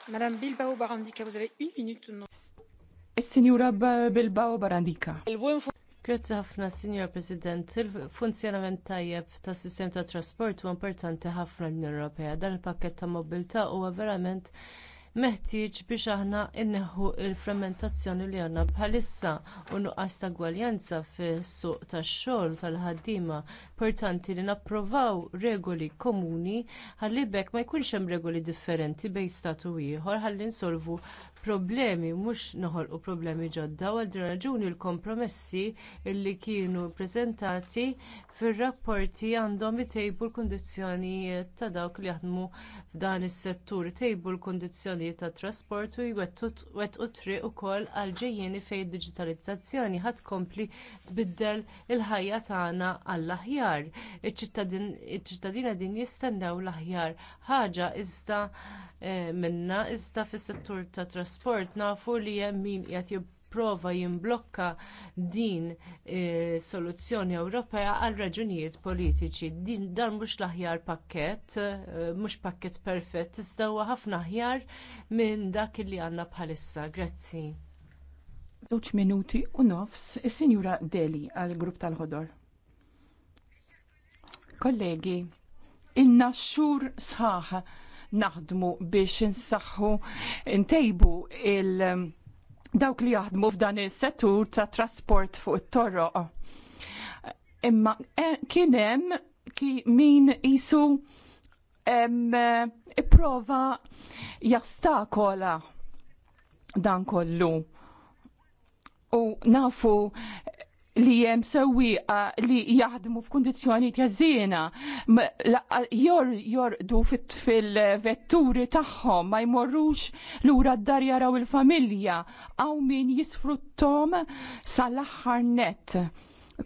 Madame Bilbao Barandika, vous avez une minute. Is-Sinjura Bilbao Barandika. Grazzi ħafna, Signor President. Il-funzjonament tajjeb tas sistem ta' trasport huwa importanti ħafna l-Unjoni Ewropea. Dan il-pakket ta' mobilità huwa verament meħtieġ biex aħna inneħħu l frammentazzjoni li għandna bħalissa u nuqqas ta' gwaljanza fis-suq tax-xogħol tal-ħaddiema. Importanti li napprovaw regoli komuni ħalli bekk ma jkunx hemm regoli differenti bejn statu ieħor ħalli nsolvu problemi, mhux noħolqu problemi ġodda, għal raġuni l-kompromessi li kienu ppreżentati fir-rapporti għandhom itejbu l-kundizzjonijiet ta' dawk li jaħdmu f'dan is-settur, itejbu l-kundizzjonijiet tat trasport u jwettqu triq ukoll għal ġejjieni fejn id-diġitalizzazzjoni ħadd kompli tbiddel il-ħajja tagħna għall-aħjar. Iċ-ċittadina din jistennew l-aħjar ħaġa iżda eh, minna iżda fis-settur tat trasport nafu li hemm min qed jipprova jimblokka din e, soluzzjoni Ewropea għal raġunijiet politiċi. Din dan mhux l-aħjar pakkett, e, mhux pakkett perfett, iżda huwa ħafna aħjar minn dak li għandna bħalissa. Grazzi. Żewġ minuti u nofs sinjura Deli għall grupp tal-ħodor. Kollegi, inna xhur sħaħ naħdmu biex insaħħu ntejbu il- dawk li jaħdmu f'dan is-settur ta' trasport fuq it-toroq. Imma e, kien hemm ki min isu ipprova jastakola dan kollu. U nafu li jem sewiqa li jaħdmu f'kondizjoni jazzina jor fit fil-vetturi tagħhom ma jmorrux lura d-dar jaraw il-familja għaw min jisfruttom sal-aħħar net.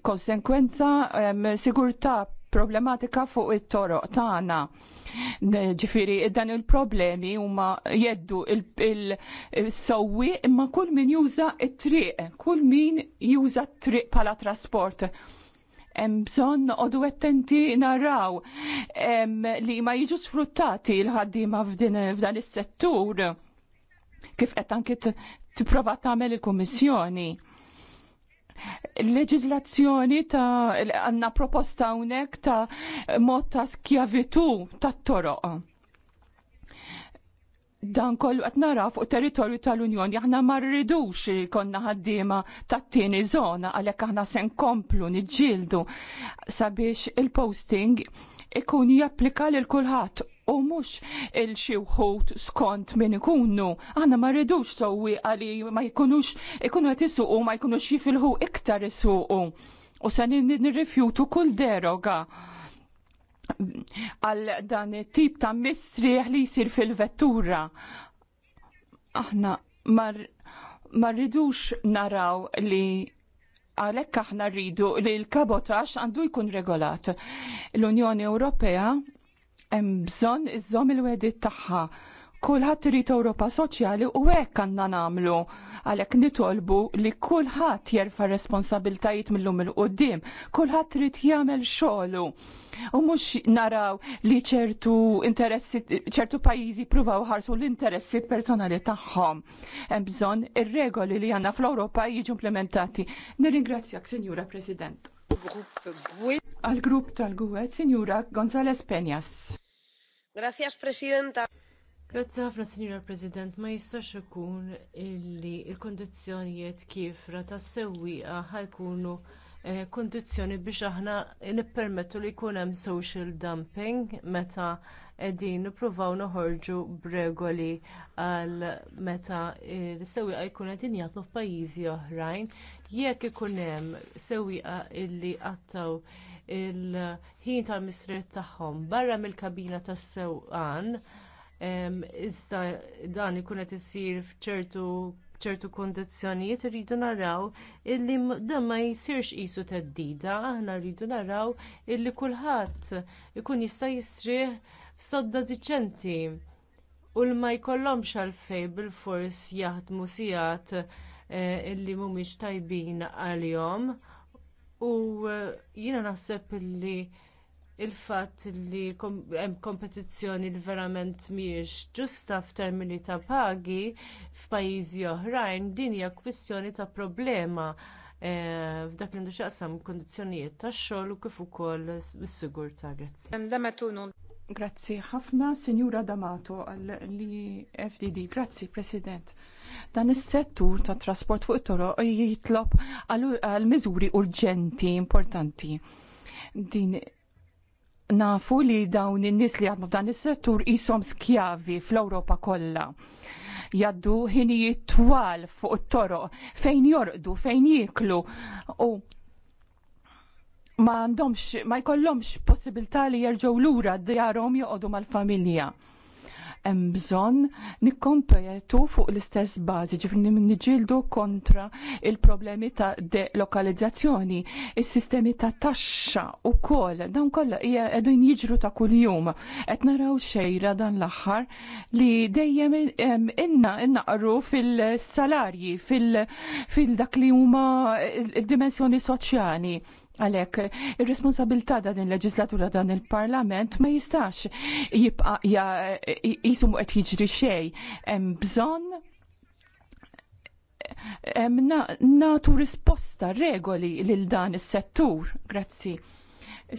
Konsekwenza sigurta problematika fuq it-toroq tagħna. Ġifiri, dan il-problemi huma jeddu il-sowi imma kull min juża it-triq, kull min juża t-triq pala trasport bżon noqodu għettenti naraw li ma jiġu sfruttati l-ħaddima f'dan is-settur kif qed anke tipprova tagħmel il-Kummissjoni leġizlazzjoni ta' għanna proposta unek ta' mod ta' skjavitu ta' toroq. Dan kollu qed nara fuq territorju tal-Unjoni aħna ma rridux konna ħaddiema tat-tieni żona għalhekk aħna se nkomplu niġġieldu sabiex il-posting ikun japplika lil kulħadd u mhux il-xi wħud skont min ikunu. Aħna ma rridux sowi għali ma jkunux ikunu qed isuqu ma jkunux jifilħu iktar isuqu. U se nirrifjutu kull deroga għal dan it-tip ta' mistrieħ li jsir fil-vettura. Aħna ma rridux naraw li għalhekk aħna rridu li l-kabotax għandu jkun regolat. L-Unjoni Ewropea hemm bżonn iżżomm il-wedid tagħha. Kulħadd irid Ewropa soċjali u hekk għandna nagħmlu għalhekk nitolbu li kulħadd jerfa' responsabiltajiet millum il-qudiem, kulħadd irid jagħmel xogħlu. U mhux naraw li ċertu interessi ċertu pajjiżi pruvaw ħarsu l-interessi personali tagħhom. Hemm bżonn ir-regoli li għandna fl-Ewropa jiġu implementati. Nirringrazzjak, Sinjura President e. għal grupp tal-għuet, Sinjura Gonzales Penjas. Gracias, Presidenta. Grazzi ħafna, Signora President, ma jistax ikun illi il-kondizjonijiet kif rata sewwieqa ħajkunu eh, kundizzjoni biex aħna nippermettu li jkun hemm social dumping meta qegħdin nippruvaw noħorġu b'regoli għal meta l-sewwieqa jkun qegħdin jagħmlu f'pajjiżi oħrajn jekk ikun hemm sewwieqa illi għattaw il-ħin tal-misriet tagħhom barra mill-kabina tas-sewqan iżda dan ikun qed isir f'ċertu ċertu kundizzjonijiet irridu naraw illi dan ma jsirx qisu theddida, aħna rridu naraw illi kulħadd ikun jista' jisrih f'sodda diċenti u l ma jkollhomx għalfejn bilfors jaħdmu sigħat eh, illi mhumiex tajbin għalihom. U uh, jiena naħseb li il-fatt li hemm kompetizzjoni li verament miex ġusta f'termini ta' pagi f'pajjiżi oħrajn din hija kwistjoni ta' problema eh, f'dak li ndu xaqsam kundizzjonijiet tax xogħol u kif ukoll is ta' Grazzi. Grazzi ħafna, Sinjura Damato, li FDD. Grazzi, President. Dan is-settur ta' trasport fuq it-toro jitlob għal miżuri urġenti, importanti. Din nafu li dawn in-nies li għadmu f'dan is-settur isom skjavi fl-Ewropa kollha jaddu ħinijiet twal fuq it toro fejn jorqdu, fejn jiklu u ma għandhomx, ma jkollhomx possibilità li jerġgħu lura djarhom joqogħdu mal-familja. Hemm bżonn nikkompetu fuq l-istess bażi, ġifni niġildu kontra il-problemi ta' delokalizzazzjoni, is-sistemi ta' taxxa wkoll dawn kollha qegħdin jiġru ta' kuljum. Qed naraw xejra dan l-aħħar li dejjem inna innaqru fil-salarji, fil-dak li huma d dimensjoni soċjali Għalek, il-responsabilità da din leġislatura dan il-parlament ma jistax jibqa jisum qed jiġri xej. Hemm bżonn natu risposta regoli lil dan is-settur. Grazzi.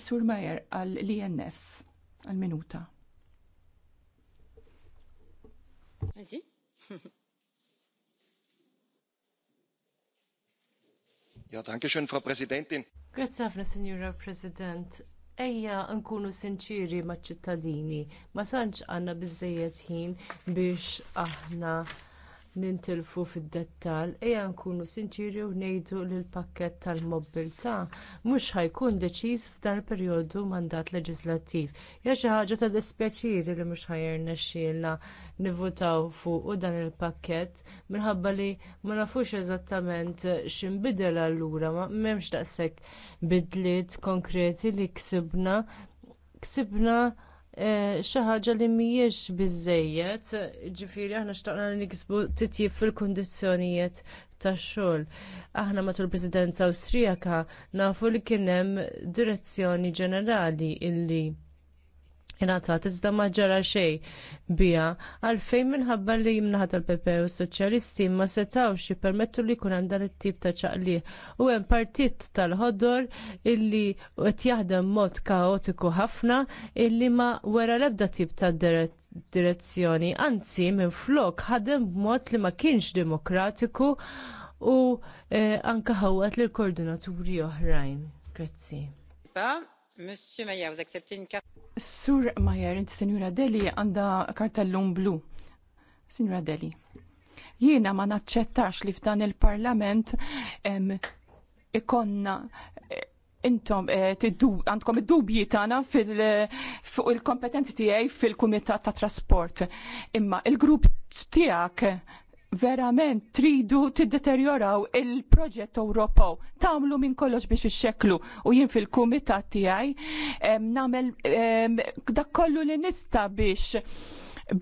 sur Majer għall-INF għal-minuta. Għazi? ja, danke schön, Frau Präsidentin. Grazzi ħafna, Sinjura President. Ejja nkunu sinċiri maċ ċittadini, ma tantx għandna biżżejjed ħin biex aħna nintilfu fid-dettal, ejja nkunu sinċiri u ngħidu li l-pakkett tal-mobilità mhux ħajkun deċiż f'dan il-perjodu mandat leġislattiv. Ja xi ħaġa ta' dispjaċiri li mhux ħajrna xilna nivvotaw fuq u dan il-pakket minħabba li ma nafux eżattament x'inbidel allura ma m'hemmx daqshekk bidliet konkreti li ksibna ksibna eh, xi ħaġa li mhijiex biżżejjed, ġifieri aħna xtaqna li nikisbu titjib fil-kundizzjonijiet tax-xogħol. Aħna matul presidenza Awstrijaka nafu li kien hemm direzzjoni ġenerali illi ingħatat iżda ma ġara xejn biha għalfejn minħabba li jimnaħat tal-PP e u s-soċjalisti ma setawx jippermettu li jkun hemm dan it-tip ta' ċaqli. U hemm partit tal-ħodor illi qed jaħdem mod kaotiku ħafna illi ma wera l-ebda tip ta' direzzjoni, anzi minflok ħadem b'mod li ma kienx demokratiku u eh, anke ħawat lill koordinaturi oħrajn. Grazzi. Monsieur Mayer, vous acceptez une carte Sur Mayer, inti Senjura Deli għanda kartellum blu. Senjura Deli. Jiena ma naċċettax li f'dan il-parlament ikonna eh, intom eh, għandkom id-dubji tagħna fuq il-kompetenzi tiegħi fil-Kumitat ta' Trasport. Imma il-grupp tiegħek verament tridu tiddeterjoraw il-proġett Ewropew. Tamlu minn kollox biex ixxeklu u jien fil-kumitat tiegħi nagħmel dak kollu li nista biex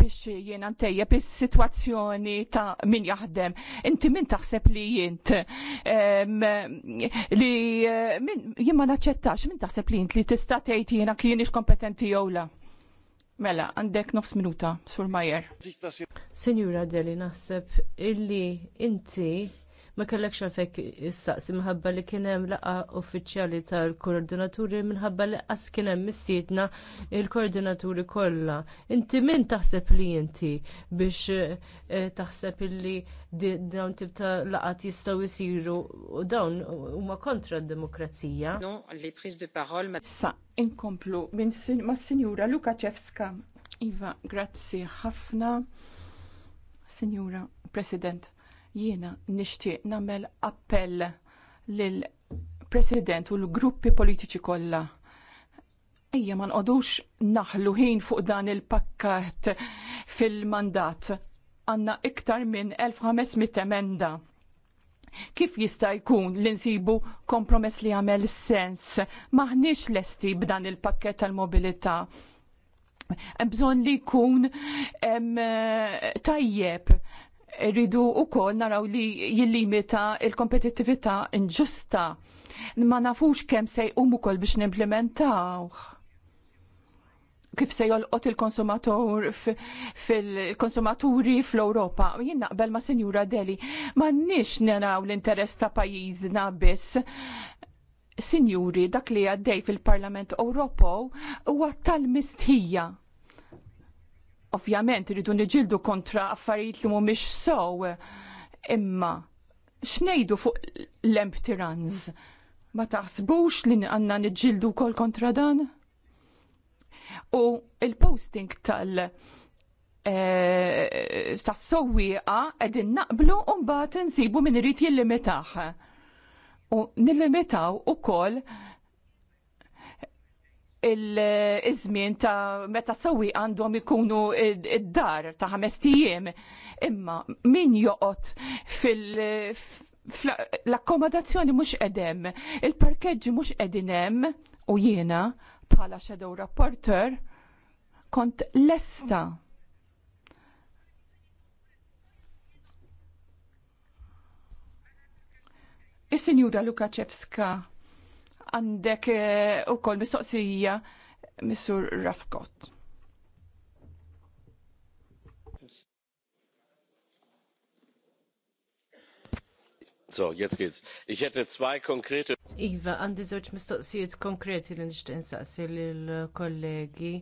biex jiena ntejjeb is-sitwazzjoni ta' min jaħdem. Inti min taħseb li jint li jien ma naċċettax min taħseb li jint li tista' tgħid jiena kienix kompetenti jew la. Mela, għandek nofs minuta, Sur Majer. Senjura Deli, naħseb illi inti ma kellekx għalfek issaqsi minħabba li kien hemm laqgħa uffiċjali tal-koordinaturi minħabba li qas kien hemm mistiedna il-koordinaturi kollha. Inti min taħseb li inti biex eh, taħseb li dawn tip ta' laqat jistgħu jsiru u dawn huma kontra d-demokrazija. No, li prise de parol ma. Sa, inkomplu minn mas-Sinjura Lukaċevska. Iva, grazzi ħafna. Sinjura President, Jiena nixtieq nagħmel appell lil President u l-gruppi politiċi kollha. Ejja ma nqodux naħlu ħin fuq dan il-pakkat fil-mandat. Għanna iktar minn 1500 emenda. Kif jista' jkun li nsibu kompromess li għamel sens? Maħniex lesti b'dan il-pakket tal-mobilità bżon li jkun tajjeb rridu wkoll naraw li jillimita il-kompetittività inġusta. Ma nafux kemm se jqum ukoll biex nimplementaw kif se jolqot il-konsumatur fil-konsumaturi fl-Europa. Jien naqbel ma' Sinjura Deli, ma' nix naraw l-interess ta' pajizna biss. Sinjuri, dak li għaddej fil-Parlament Ewropew huwa tal-mistħija Ovvjament iridu niġildu kontra affarijiet li mhumiex sew, Imma x'ngħidu fuq l-empty runs? Ma taħsbux li għandna niġildu wkoll kontra dan? U il-posting tal- eh, tas sowieqa qegħdin naqblu u mbagħad insibu min irid jillimitaħ. U nillimitaw ukoll il izmin ta' meta sewi għandhom ikunu id-dar ta' ħames tijiem. Imma min joqot fil- l-akkomodazzjoni mhux edem, il-parkeġġi mhux qegħdin hemm u jiena bħala shadow rapporter kont lesta Is-Sinjura Lukaċevska għandek eh, u ukoll mistoqsija Missur Rafkot. So, jetzt geht's. Ich hätte zwei konkrete. Iva, għandi żewġ mistoqsijiet konkreti li nixtieq insaqsi l kollegi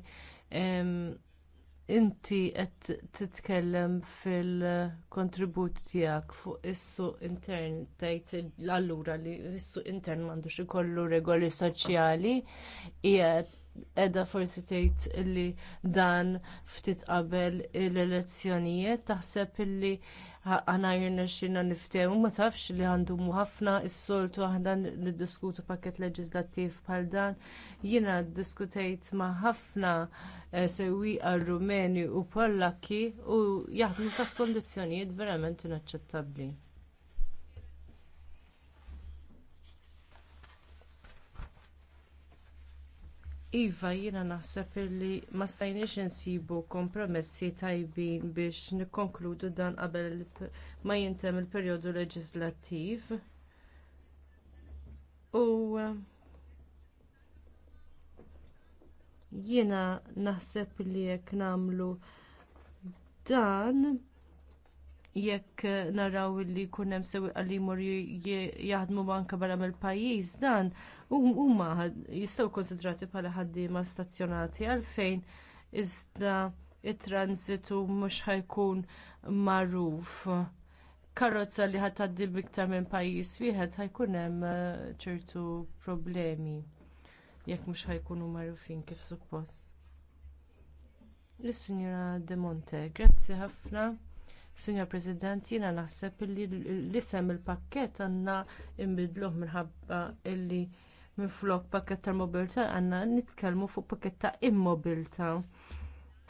inti qed titkellem fil-kontribut tiegħek fuq is-suq intern tgħid allura li s-suq intern m'għandux ikollu regoli soċjali qiegħda forsi tgħid li dan ftit qabel l-elezzjonijiet taħseb illi għana jirna xirna niftew, ma tafx li għandu ħafna s-soltu għahna niddiskutu pakket leġislattiv bħal dan. Jina diskutejt ma ħafna eh, sewi għal-Rumeni u Pollaki u jaħdmu taħt kondizjonijiet verament inaċċettabli. Iva, jiena naħseb li ma stajniex insibu kompromessi tajbin biex nikkonkludu dan qabel ma jintem il perjodu leġislattiv. U jiena naħseb li jekk nagħmlu dan jekk naraw li jkun hemm għalli li jmorru jaħdmu barra mill-pajjiż dan huma jistgħu konsidrati bħala ħaddiema stazzjonati għalfejn iżda il transitu mhux ħajkun magħruf. Karozza li ħadd tgħaddi iktar minn pajjiż wieħed ħajkun hemm eh, ċertu problemi jekk mhux ħajkunu magħrufin kif suppost. Is-Sinjura De Monte, grazzi ħafna. Signor President, jiena naħseb li l-isem il-pakket għandna imbidluh minħabba illi minflok pakket tal-mobilta għandna nitkellmu fuq pakket ta' immobilta.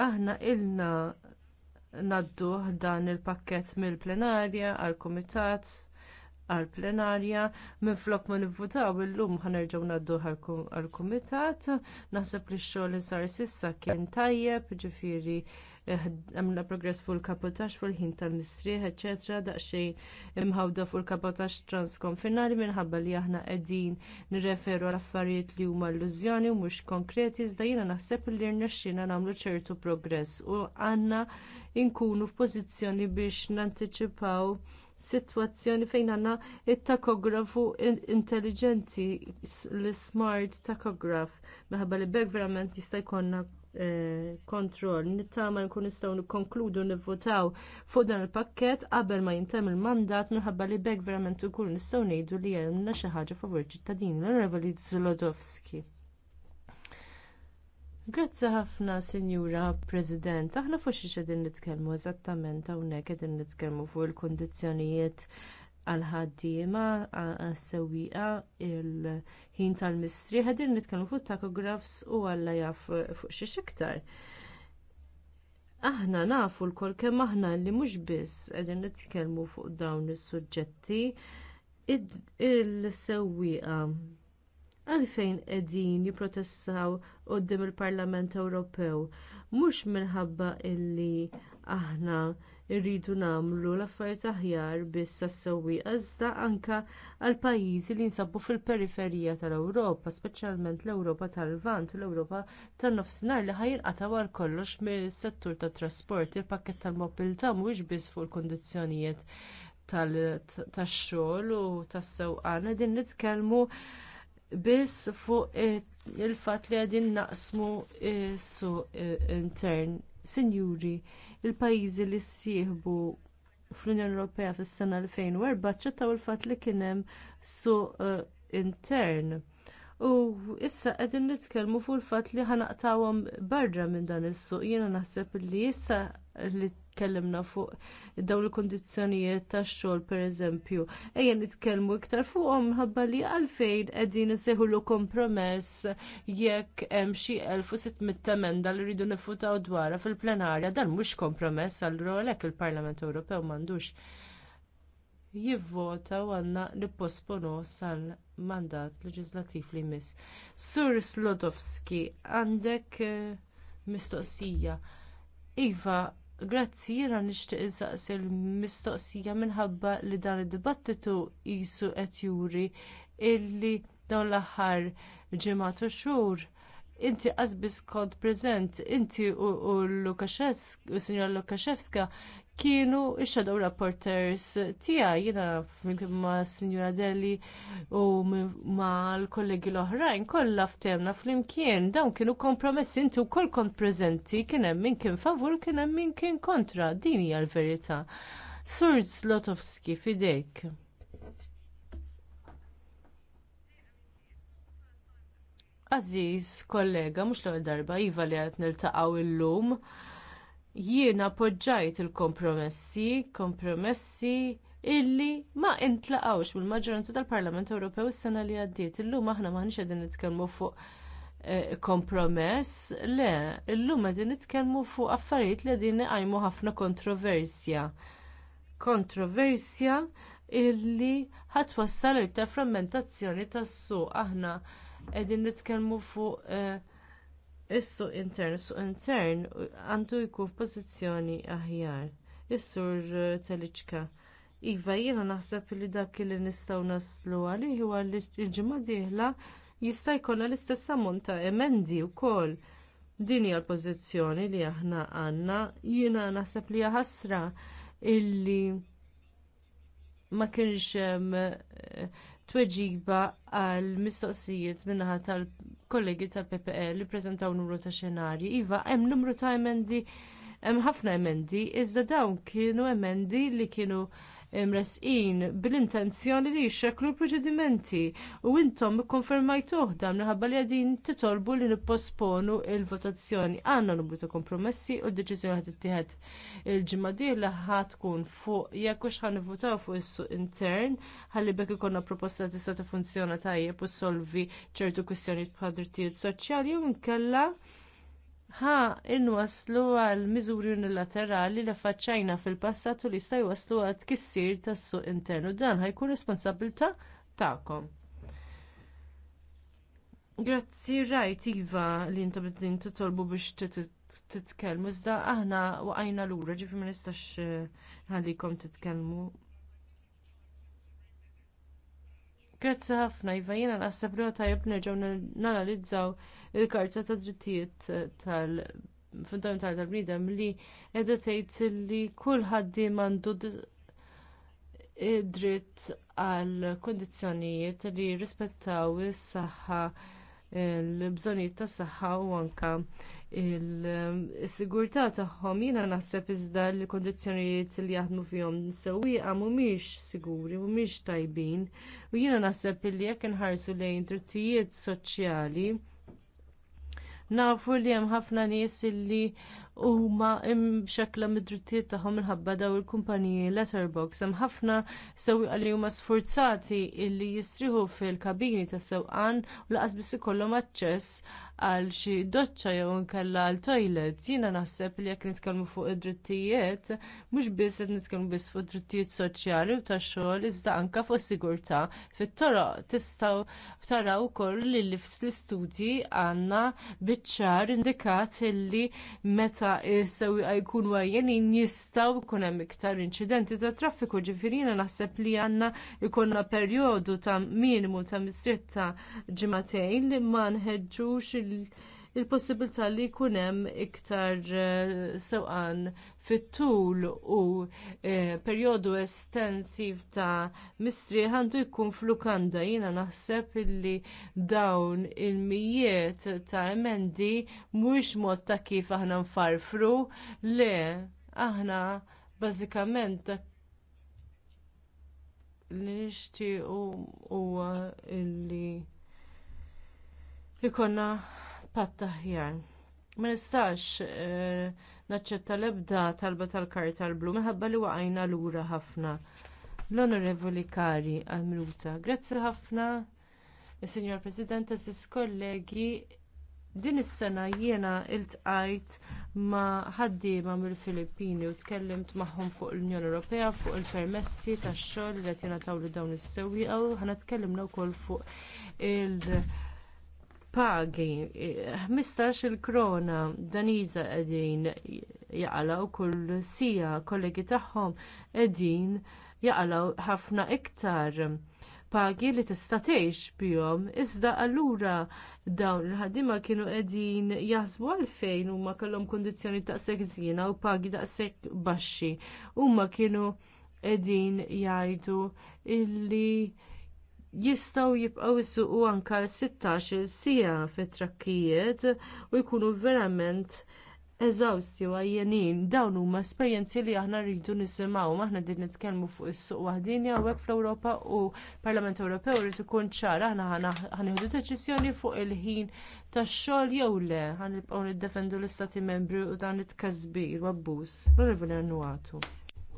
Aħna ilna nadduh dan il-pakket mill-plenarja għall-kumitat għall-plenarja minflok ma nivvutaw illum nerġgħu nadduh għall-kumitat. Naħseb li x-xogħol li sar sissa kien tajjeb, jiġifieri. Eh, għamna progress fuq il-kapotax fuq il-ħin tal-mistrieħ, eċetera, daqsxejn imħawda fuq il-kapotax transkonfinali minħabba li aħna qegħdin nirreferu għal affarijiet li huma illużjoni u mhux konkreti, iżda jiena naħseb li rnexxina nagħmlu ċertu progress u għandna nkunu f'pożizzjoni biex nanticipaw sitwazzjoni fejn għanna t takografu intelligenti, l-smart takograf, meħabba li bekk verament jista' jkollna kontrol eh, Nittama nkun nistgħu nikkonkludu nivvotaw fuq dan il-pakkett qabel ma jintem il-mandat minħabba li bekk verament ikun nistgħu ngħidu li għandna xi ħaġa favur ċittadini l-Onorevoli Zlodowski. Grazzi ħafna, Sinjura President. Aħna fuq xi qegħdin nitkellmu eżattament hawnhekk qegħdin nitkellmu fuq il-kundizzjonijiet għal ħaddiema għas-sewwieqa il-ħin tal-mistri ħadir nitkellmu fuq takografs u Alla jaf fuq xi iktar. Aħna nafu lkoll kemm aħna li mhux biss qegħdin nitkellmu fuq dawn is-suġġetti il-sewwieqa għalfejn qegħdin jipprotestaw quddiem il-Parlament Ewropew mhux minħabba illi aħna Irridu nagħmlu l-affarijiet aħjar biss għas sewwieq iżda anke għal pajjiżi li jinsabu fil-periferija tal-Ewropa, speċjalment l-Ewropa tal-Lvant u l-Ewropa tan-nofsinhar li ħajinqataw għal kollox mis-settur tat-trasport. Il-pakkett tal-mobilità mhuwiex biss fuq il-kundizzjonijiet tax-xogħol u tas-sewqan qegħdin nitkellmu biss fuq il fatt li qegħdin naqsmu s-suq intern. Sinjuri, il-pajjiżi li ssieħbu fl-Unjoni Ewropea fis-sena 2004 ċettaw il-fatt li kien hemm suq eh, intern. U issa qegħdin nitkellmu fuq il-fatt li ħanaqtawhom barra minn dan is-suq. Jiena naħseb li issa li tkellimna fuq dawn il-kundizzjonijiet tax-xogħol pereżempju. Ejja nitkellmu iktar fuqhom ħabba li għalfejn qegħdin iseħħu kompromess jekk hemm xi 1600 emenda li rridu nifutaw dwarha fil-plenarja dan mhux kompromess għal għalhekk il-Parlament Ewropew m'għandux jivvota u għandna nipposponu sal-mandat leġislattiv li jmiss. Sur Slodowski, għandek eh, mistoqsija. Iva, Grazzi, jiena nixtieq insaqsi l-mistoqsija minħabba li dan id-dibattitu qisu qed juri illi dawn l-aħħar ġimgħatu xhur inti qasbis kont preżent, inti u Lukashevsk, u Sinjor Lukashevska kienu il-shadow rapporters tija jina ma Signora Delli u ma l-kollegi l-oħrajn kollha ftemna flimkien dawn kienu kompromessi inti wkoll kont prezenti kien hemm min kien favur kien hemm min kien kontra din hija l-verità. Sur Zlotowski fidejk. Aziz, kollega, mux l darba, jiva li għat nil-taqaw il-lum, jiena poġġajt il-kompromessi, kompromessi illi ma intlaqawx mill-maġġoranza tal-Parlament Ewropew is-sena li għaddiet. Illum aħna maħniex qegħdin nitkellmu fuq eh, kompromess, le, illum qegħdin nitkellmu fuq affarijiet li qegħdin iqajmu ħafna kontroversja. Kontroversja illi ħatwassal iktar frammentazzjoni tas-suq aħna qegħdin nitkellmu fuq eh, Is-suq intern, suq intern għandu jkun f'pożizzjoni aħjar. Is-sur eh, Teliċka. Iva jiena naħseb li dak li nistgħu naslu għalih huwa li l-ġimgħa dieħla jista' jkollha l-istess ammont ta' emendi wkoll. Din hija l-pożizzjoni li aħna għandna, jiena naħseb li hija ħasra illi ma kienx hemm eh, tweġiba għall mistoqsijiet min-naħa tal kollegi tal-PPE li ppreżentaw numru ta' xenarji. Iva, hemm numru ta' emendi, hemm ħafna emendi, iżda dawn kienu emendi li kienu Imresqin bil-intenzjoni li jxeklu l-proċedimenti u intom ikkonfermajtuh dan minħabba li qegħdin titolbu li nipposponu l votazzjoni Għandna numru ta' kompromessi u d-deċiżjoni ħad tittieħed il-ġimgħa dieħla ħatkun tkun fuq jekk hux ħan fuq is-suq intern ħalli bekk ikollna proposta li tista' tiffunzjona tajjeb u solvi ċertu kwistjonijiet bħal drittijiet soċjali u nkella ħa inwasslu għal miżuri unilaterali li faċċajna fil-passat u li jista' jwasslu għal tkissir tas-suq internu. Dan ħajkun responsabilità tagħkom. Grazzi rajt Iva li intom din titolbu biex titkellmu. Iżda aħna waqajna lura ġifi ma nistax eh, ħallikom titkellmu. Grazzi ħafna, jiva jena naħseb li tajjeb nerġgħu nanalizzaw il-karta ta' drittijiet tal- fundamentali tal-bnidem li edetajt tgħid li kull mandu id dritt għal kundizzjonijiet li jirrispettaw is-saħħa l-bżonijiet tas-saħħa u anke il-sigurtà tagħhom jiena naħseb iżda l kundizzjonijiet li jaħdmu fihom sewwieqa mhumiex siguri, mhumiex tajbin u jiena naħseb li jekk inħarsu lejn drittijiet soċjali nafu li hemm ħafna nies li huma mxekla mid-drittijiet tagħhom minħabba daw il-kumpaniji letterbox hemm ħafna sewwieqa li huma sforzati li jistriħu fil-kabini tas sewqan u laqas biss ikollhom aċċess għal xi doċċa jew inkella għal toilet. Jiena naħseb li jekk nitkellmu fuq id-drittijiet, mhux biss qed nitkellmu biss fuq drittijiet soċjali u tax-xogħol iżda anke fuq sigurtà. Fit-toroq tistgħu taraw ukoll li l-istudji għandna biċ-ċar indikat illi meta is-sewwieqa jkunu għajjenin jistgħu jkun hemm iktar inċidenti ta' traffiku ġifieri jiena naħseb li għandna jkollna perjodu ta' minimu ta' ta' ġimagħtejn li ma nħeġġux il-possibilità li jkun hemm iktar eh, sewqan fit-tul u eh, perjodu estensiv ta' mistri għandu jkun flukanda jiena naħseb illi dawn il-mijiet ta' emendi mhuwiex mod ta' kif aħna nfarfru le aħna bażikament dak li nixtiequ huwa illi ikonna patta ħjar. Ma nistax eh, naċċetta l-ebda talba tal-karta l-blu minħabba li waqajna lura ħafna. L-Onorevoli Kari għal-Minuta. Grazzi ħafna, Signor President, għazis kollegi, din is-sena jiena il-tqajt ma' ħaddiema mill-Filippini u tkellimt magħhom fuq l-Unjoni Ewropea fuq il-permessi tax-xogħol li qed jingħataw li dawn is-sewwieqa u ħana tkellimna wkoll fuq il- pagi 15 il-krona daniża qegħdin jaqalaw kull sija kollegi tagħhom qegħdin jaqalaw ħafna iktar pagi li tista' tgħix bihom iżda allura dawn il-ħaddiema kienu qegħdin jaħsbu għalfejn huma kellhom kundizzjoni taqsek żjiena u pagi daqshekk baxxi. Huma kienu qegħdin jgħidu illi jistgħu jibqgħu jisuqu anke l-16 sija fit-trakkijiet u jkunu verament eżawsti u għajjenin dawn huma esperjenzi li aħna rridu nisimgħu aħna din nitkellmu fuq is-suq waħdin hawnhekk fl-Ewropa u Parlament Ewropew irid ikun ċar aħna ħanieħdu deċiżjoni fuq il-ħin tax-xogħol jew le ħanibqgħu niddefendu l-istati membri u dan it-tkażbir u abbuż. Onorevoli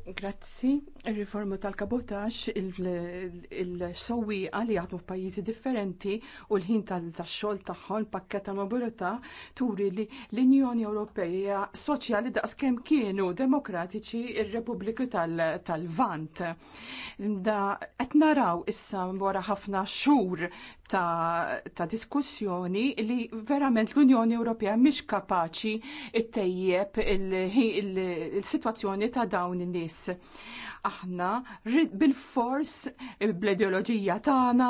Grazzi, il-riforma tal-kabotax, il-sowi għali għadu f'pajjiżi differenti u l-ħin tal-xol taħħon pakketa ta' mobilità turi li l-Unjoni Ewropeja soċjali daqs kem kienu demokratiċi il-Repubbliku tal-Vant. Da qed naraw issa wara ħafna xhur ta' diskussjoni li verament l-Unjoni Ewropea mhix kapaċi ttejjeb il-sitwazzjoni ta' dawn in-nies Aħna bil-fors, bl ideologija tagħna,